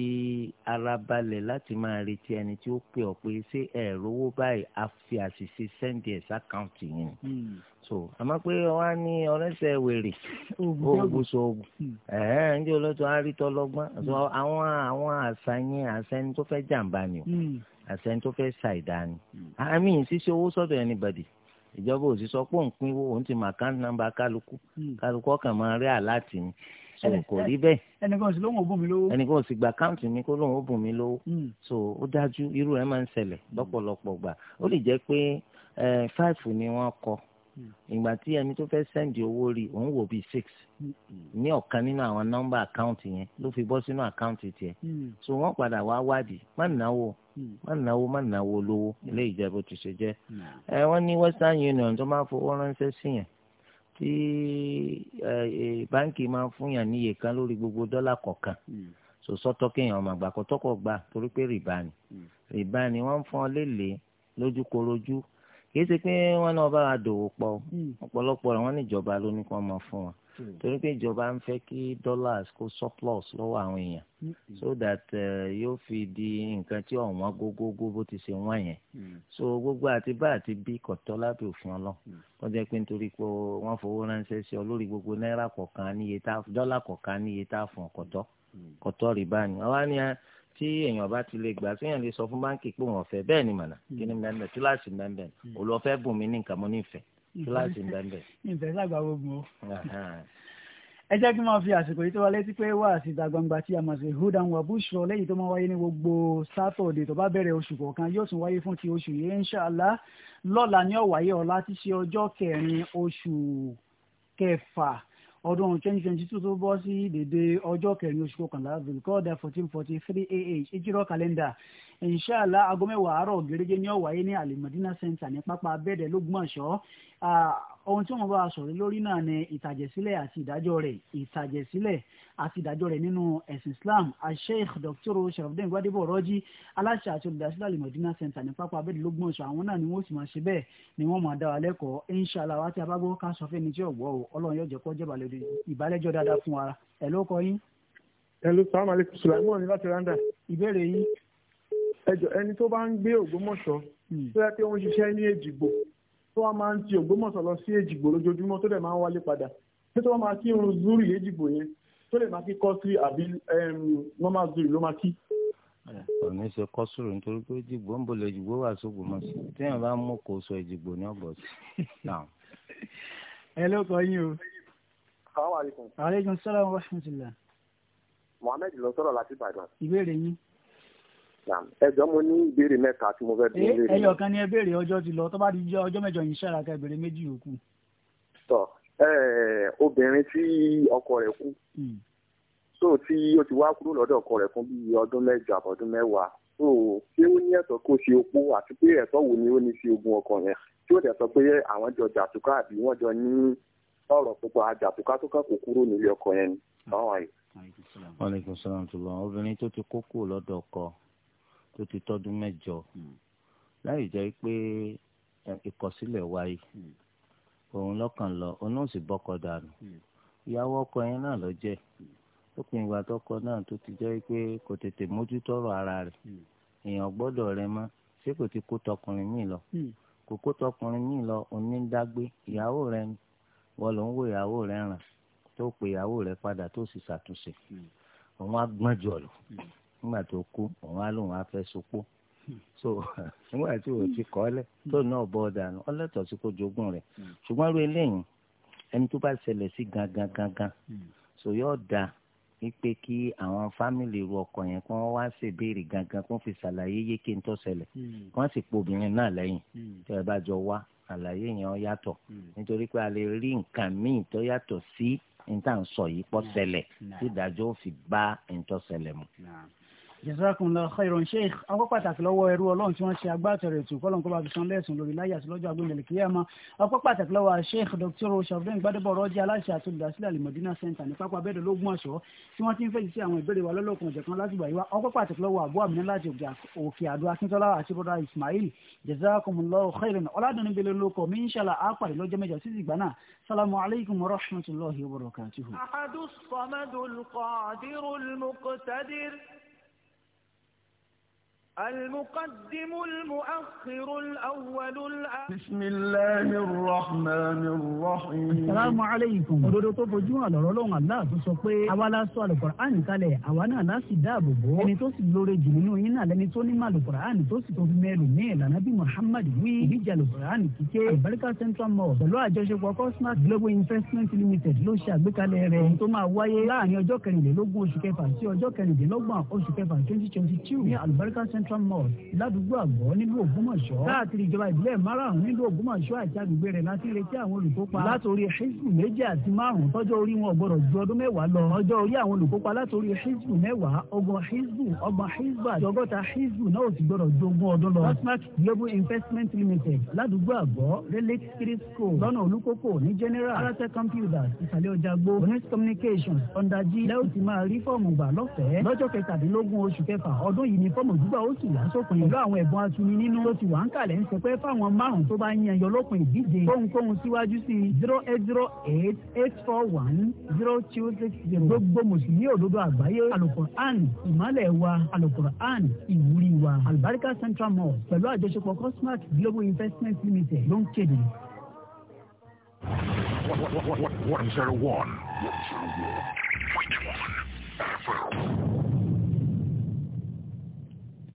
ara balẹ̀ láti máa retí ẹni tí ó pè ọ́ pé ṣé ẹ rówó báyìí a fi àṣìṣe sẹ́ndì ẹ̀ sákàǹtì yẹn so àmọ́ pé wọ́n á ní ọ̀rẹ́sẹ̀ wèrè oògùn sóògùn hmm. ẹ̀ẹ́ ń jẹ́ olóòtú àárítọ́ lọ́gbọ́n hmm. àwọn àwọn àṣàyàn àṣẹni tó fẹ́ jàǹbá ni o hmm. àṣẹni tó fẹ́ ṣàìdá ni àmì ìṣiṣẹ́ owó sọ́dọ̀ anybody ìjọba òsì sọ pé òun pín owó òun ti mọ account number kálukú kálukú ọkàn máa rí àláàtì ni so kò rí bẹ́ẹ̀. ẹnìkan sì lóun ò bùn mí lówó. ẹnìkan sì gba àkáǹtì mi kó lóun ò bùn mí lówó. so ó dájú irú ẹ máa ń ṣẹlẹ̀ lọ́pọ̀lọpọ̀ gbà ó lè jẹ́ pé fáìfù ni wọ́n kọ ìgbà tí ẹni tó fẹ́ sẹ́ndì owó rí òun wò bíi six hmm. ní ọ̀kan nínú àwọn nọ́mbà àkáǹtì yẹn ló fi bọ́ sínú àkáǹtì tiẹ̀ hmm. so wọ́n padà wá wádìí má náwó hmm. má náwó má náwó lówó ilé ìjẹ́bù ti ṣe jẹ́ ẹ wọ́n ní Western Union tó máa fowó ránṣẹ́ sí yẹn tí báńkì máa fún yàn níye kan lórí gbogbo dọ́là kọ̀ọ̀kan so sọ́tọ́ kéèyàn ọmọ àgbà kọ́tọ́kọ̀ gbà torí pé rìbá ni rìbá ni wọ́n fún ọ kì í ṣe pé wọn náà bá dòwò pọ̀ hmm. ọ̀pọ̀lọpọ̀ àwọn níjọba ló ní kó máa fún wọn hmm. torí pé ìjọba ń fẹ́ kí dollars kó surplus lọ́wọ́ àwọn èèyàn hmm. so that eh, yóò fi di nǹkan tí ọ̀wọ́n gógógó bó ti ṣe wọ́n yẹn so gbogbo àti bá àti bí kọ̀tọ́ lábẹ́ òfin ọlọ́run wọ́n jẹ́ pé nítorí pé wọ́n fowó ránṣẹ́ sí ọ lórí gbogbo náírà kọ̀ọ̀kan níye tá dọ́là kọ̀ọ̀kan níye tá fún ọ̀kọ̀tọ́ kọ̀tọ́ rìbá ni àwa ni tí èèyàn bá ti lè gbà séèyàn lè sọ fún báńkì pé òun ọ̀fẹ́ bẹ́ẹ̀ ni mànà hmm. kí ni bẹ́ẹ̀ kíláàsì bẹ́ẹ̀ olùọ̀fẹ́ hmm. bùn mí ní nǹkan mo nífẹ̀ẹ́ hmm. kíláàsì bẹ́ẹ̀. ìfẹ́ sàgbà ogun o. ẹ jẹ́ kí n máa fi àsìkò yìí tó wa létí pé wá àsìta gbangba tí a mọ̀ sí hudan wa bushro lẹ́yìn tó máa wáyé ní gbogbo sátọ̀dẹ̀ tó bá bẹ̀rẹ̀ oṣù kọ̀ọ̀kan yóò tún wáyé fún ti oṣù yìí inṣàlá ọdún twenty twenty two tó bọ́ sí dédé ọjọ́ kẹrin oṣù kọkànlá vilkọ́dà fourteen forty three ah ìjírọ̀ kàlẹ́ndà inshallah aago mẹ́wàá àárọ̀ gẹ́gẹ́ ní ọ̀wáyé ní alimadina center ní pápá abẹ́ẹ̀dẹ̀ lógúnmọ̀ṣọ́ ah, ohun tí wọ́n bá a sọ̀rọ̀ lórí náà ni ìtàjẹ̀sílẹ̀ àti ìdájọ́ rẹ̀ ìtàjẹ̀sílẹ̀ àti ìdájọ́ rẹ̀ nínú ẹ̀sìn Islam asheikh Dr. Sharafdin Gbadebo Rọ́jí aláṣẹ àti olùdásílẹ̀ alimọ̀dínà center ní pápá abẹ́rẹ́ lógún ọ̀sán àwọn náà ni wọ́n sì máa ṣe bẹ́ẹ̀ ni wọ́n máa dá wa lẹ́kọ̀ọ́ inshallah wa tí a bá gbọ́ ká sọ fẹ́ ni tí ò gbọ́ o ọlọ́run yóò jẹ́ kó jẹ́ ìbálẹ́jọ́ dáadáa fún wa ẹ̀ ló kọ yín. ẹ ló sùlá tó wá máa ń ti Ògbómọ̀ṣọ́ lọ sí Èjìgbò lójoojúmọ́ tó dẹ̀ máa ń wálé padà pé tó wá máa kí irun zuri Èjìgbò yẹn tó lè máa kí kọ́sírì àbí normal zuri ló máa kí. kò ní í ṣe kọ́sùrù nítorí pé Èjìgbò ń bolè Èjìgbò wà sóògùn mọ́ sí téèyàn bá mú kó sọ Èjìgbò ní ọ̀bọ̀ sí. ẹ ló kọ yín o. salaamaleykum. aleykum salaam wa rahmatulah. Mohammed lọ sọ̀rọ̀ láti Ìbàdàn. ìbéèrè yín ẹjọ́ mo ní ìbéèrè mẹ́ta tí mo fẹ́ bí léèrè. ẹyọ kan ni ẹ béèrè ọjọ́ ti lọ tó bá di ọjọ́ mẹ́jọ yìí ṣára ká ìbéèrè méjì yòókù. tọ obìnrin tí ọkọ rẹ̀ kú hmm. so tí o ti wá kúrò lọ́dọ̀ ọkọ rẹ̀ fún bíi ọdún mẹ́jọ àbọ̀dún mẹ́wàá so ṣé ó ní ẹ̀tọ́ kó ṣe opó àti pé ẹ̀tọ́ wo ni ó ní sí ogún ọkọ yẹn tí ó dẹ̀ sọ pé àwọn jọ jàtúkà àbí wọ́n jọ ní ọ̀rọ̀ púpọ̀ àjàtúkà tó kàn kó kúrò nílé ọkọ yẹn ni. wàlẹ́kùn sọ́nà tó lọ obìnrin tó ti kó lọ́dọ̀ ọkọ tó ti tọ́dún mẹ́jọ hmm. láì jẹ́ pé ìkọsílẹ̀ wáyé hmm. òun lọ́kàn lọ òun náà sì bọ́kọ dànù hmm. ìyàwó ọkọ yẹn náà lọ jẹ́ lópin ìgbà tọkọ náà tó ti jẹ́ pé kò tètè mójútọ́rọ̀ ara rẹ̀ èèyàn gbọ́dọ̀ rẹ̀ mọ́ ṣé kò ti kó tọkùnrin míì lọ kò kó tọkùnrin míì lọ onídàgbé ìyàwó rẹ̀ ni wọ́n ló wo ìyàwó rẹ̀ ràn tó pe ìyàwó rẹ̀ padà tó sì ṣàtúnṣe òun á gbọ́n jù lọ nígbà tó kú òun á lóun á fẹ́ sopó hmm. so nígbà tí o ti kọ́ lẹ̀ hmm. tó náà bọ́ dànù ọlẹ́tọ̀ sí kó jogún rẹ̀ hmm. ṣùgbọ́n ru eléyìí ẹni tó bá ṣẹlẹ̀ sí gangan gangan so yóò da wípé kí àwọn fámìlì ru ọkọ yẹn kí wọ́n wá ṣèbéèrè gangan kí wọ́n fi ṣàlàyé yéké ń tó ṣẹlẹ̀ kí wọ́n sì po obìnrin náà lẹ́yìn tí ẹ bá jọ wá àlàyé yẹn ó yàtọ̀ nítorí pé a lè rí nǹkan míì tó yàtọ̀ sí ní tá à ń sọ yìí pọ̀ ṣẹlẹ̀ tí ìdájọ́ ò fi bá ní ṣẹlẹ̀ mu jazakumullahu khairan sheikh ọkọ pàtàkì lọ́wọ́ ẹrú Ọlọ́run tí wọ́n ṣe agbátẹrẹ ètò kọlọn kọba fi san lẹsùn lórí láyé àti lọ́jọ́ agbóhùn lẹkìyàmọ ọkọ pàtàkì lọ́wọ́ sheikh dr shavrin gbadebo rọjí aláṣẹ àti olùdásílẹ̀ alimọdínà sẹńtà ní pápá abẹdẹ lógún ọ̀ṣọ́ tí wọ́n ti ń fèsì sí àwọn ìbéèrè wa lọlọkùn ọjọ́ kan láti gbà yíwá ọkọ pàtàkì lọ́wọ́ àbú àmì láti òkè àdó akíntọ́lá àti bọdà ismail jazakumullahu khairan ọládùnní bẹlẹ lóko المقدم المؤخر الأول الأخر بسم الله الرحمن الرحيم السلام عليكم òdodo tó fojú hàn lọ́rọ̀ lọ́hùn Allah tó sọ pé àwa la sọ àlùkùránì kalẹ̀ àwa náà la sì dáàbò bò ẹni tó sì lóore jù nínú yín náà lẹni tó ní má àlùkùránì tó sì tó fi mẹ́rin ní ìlànà bí Muhammad wí ìdíje àlùkùránì kíkẹ́ àlùbáríkà central mall pẹ̀lú àjọṣepọ̀ Cosmas Global Investment Limited ló ṣe àgbékalẹ̀ rẹ̀ tó máa wáyé láàrin ọjọ́ kẹrìnlélógún oṣù kẹfà sí ọjọ́ kẹrìndínlọ́gbọ̀n oṣù kẹfà twenty twenty two ní àlùbáríkà central central mosque ládùúgbò àgọ́ nílùú ògbómọ̀ṣọ́ káàkiri ìjọba ìbílẹ̀ márààrún nílùú ògbómọ̀ṣọ́ àti agbègbè rẹ̀ láti retí àwọn olùkópa látòrí hizbu méjì àti márùn tọ́jọ́ orí wọn gbọ́dọ̀ ju ọdún mẹ́wàá lọ ọjọ́ orí àwọn olùkópa látòrí hizbu mẹ́wàá ọgbọ̀n hizbu ọgbọ̀n hizbu àti ọgọ́ta náà ò sì gbọ́dọ̀ Investment Limited ládùúgbò àgọ́ relic street school lọ́nà olúkókò ní general arate computers ìsàlẹ̀ ọjà gbó honest communications ọ̀ndàjì lẹ́yìn tí máa rí fọ́ọ̀mù gbà lọ́fẹ̀ẹ́ lọ́jọ́ kẹtàdínlógún oṣù kẹfà ọdún yìí ni fọ́ọ̀mù gbígbà ó méjìlá sópin ìlú àwọn ẹ̀bùn atuni nínú ló ti wà ń kalẹ̀ ń sẹpẹ́ fáwọn márùn tó bá yan yọ lópin ìdíje kóhunkóhun síwájú sí zero eight zero eight eight four one zero two six zero gbogbo mùsùlùmí òdodo àgbáyé alukur'an ìmọ̀lẹ̀ wa alukur'an ìwúrí wa alibarika central mall pẹ̀lú àjọṣepọ̀ cosmart global investment limited ló ń kéde. 101 101 101 FM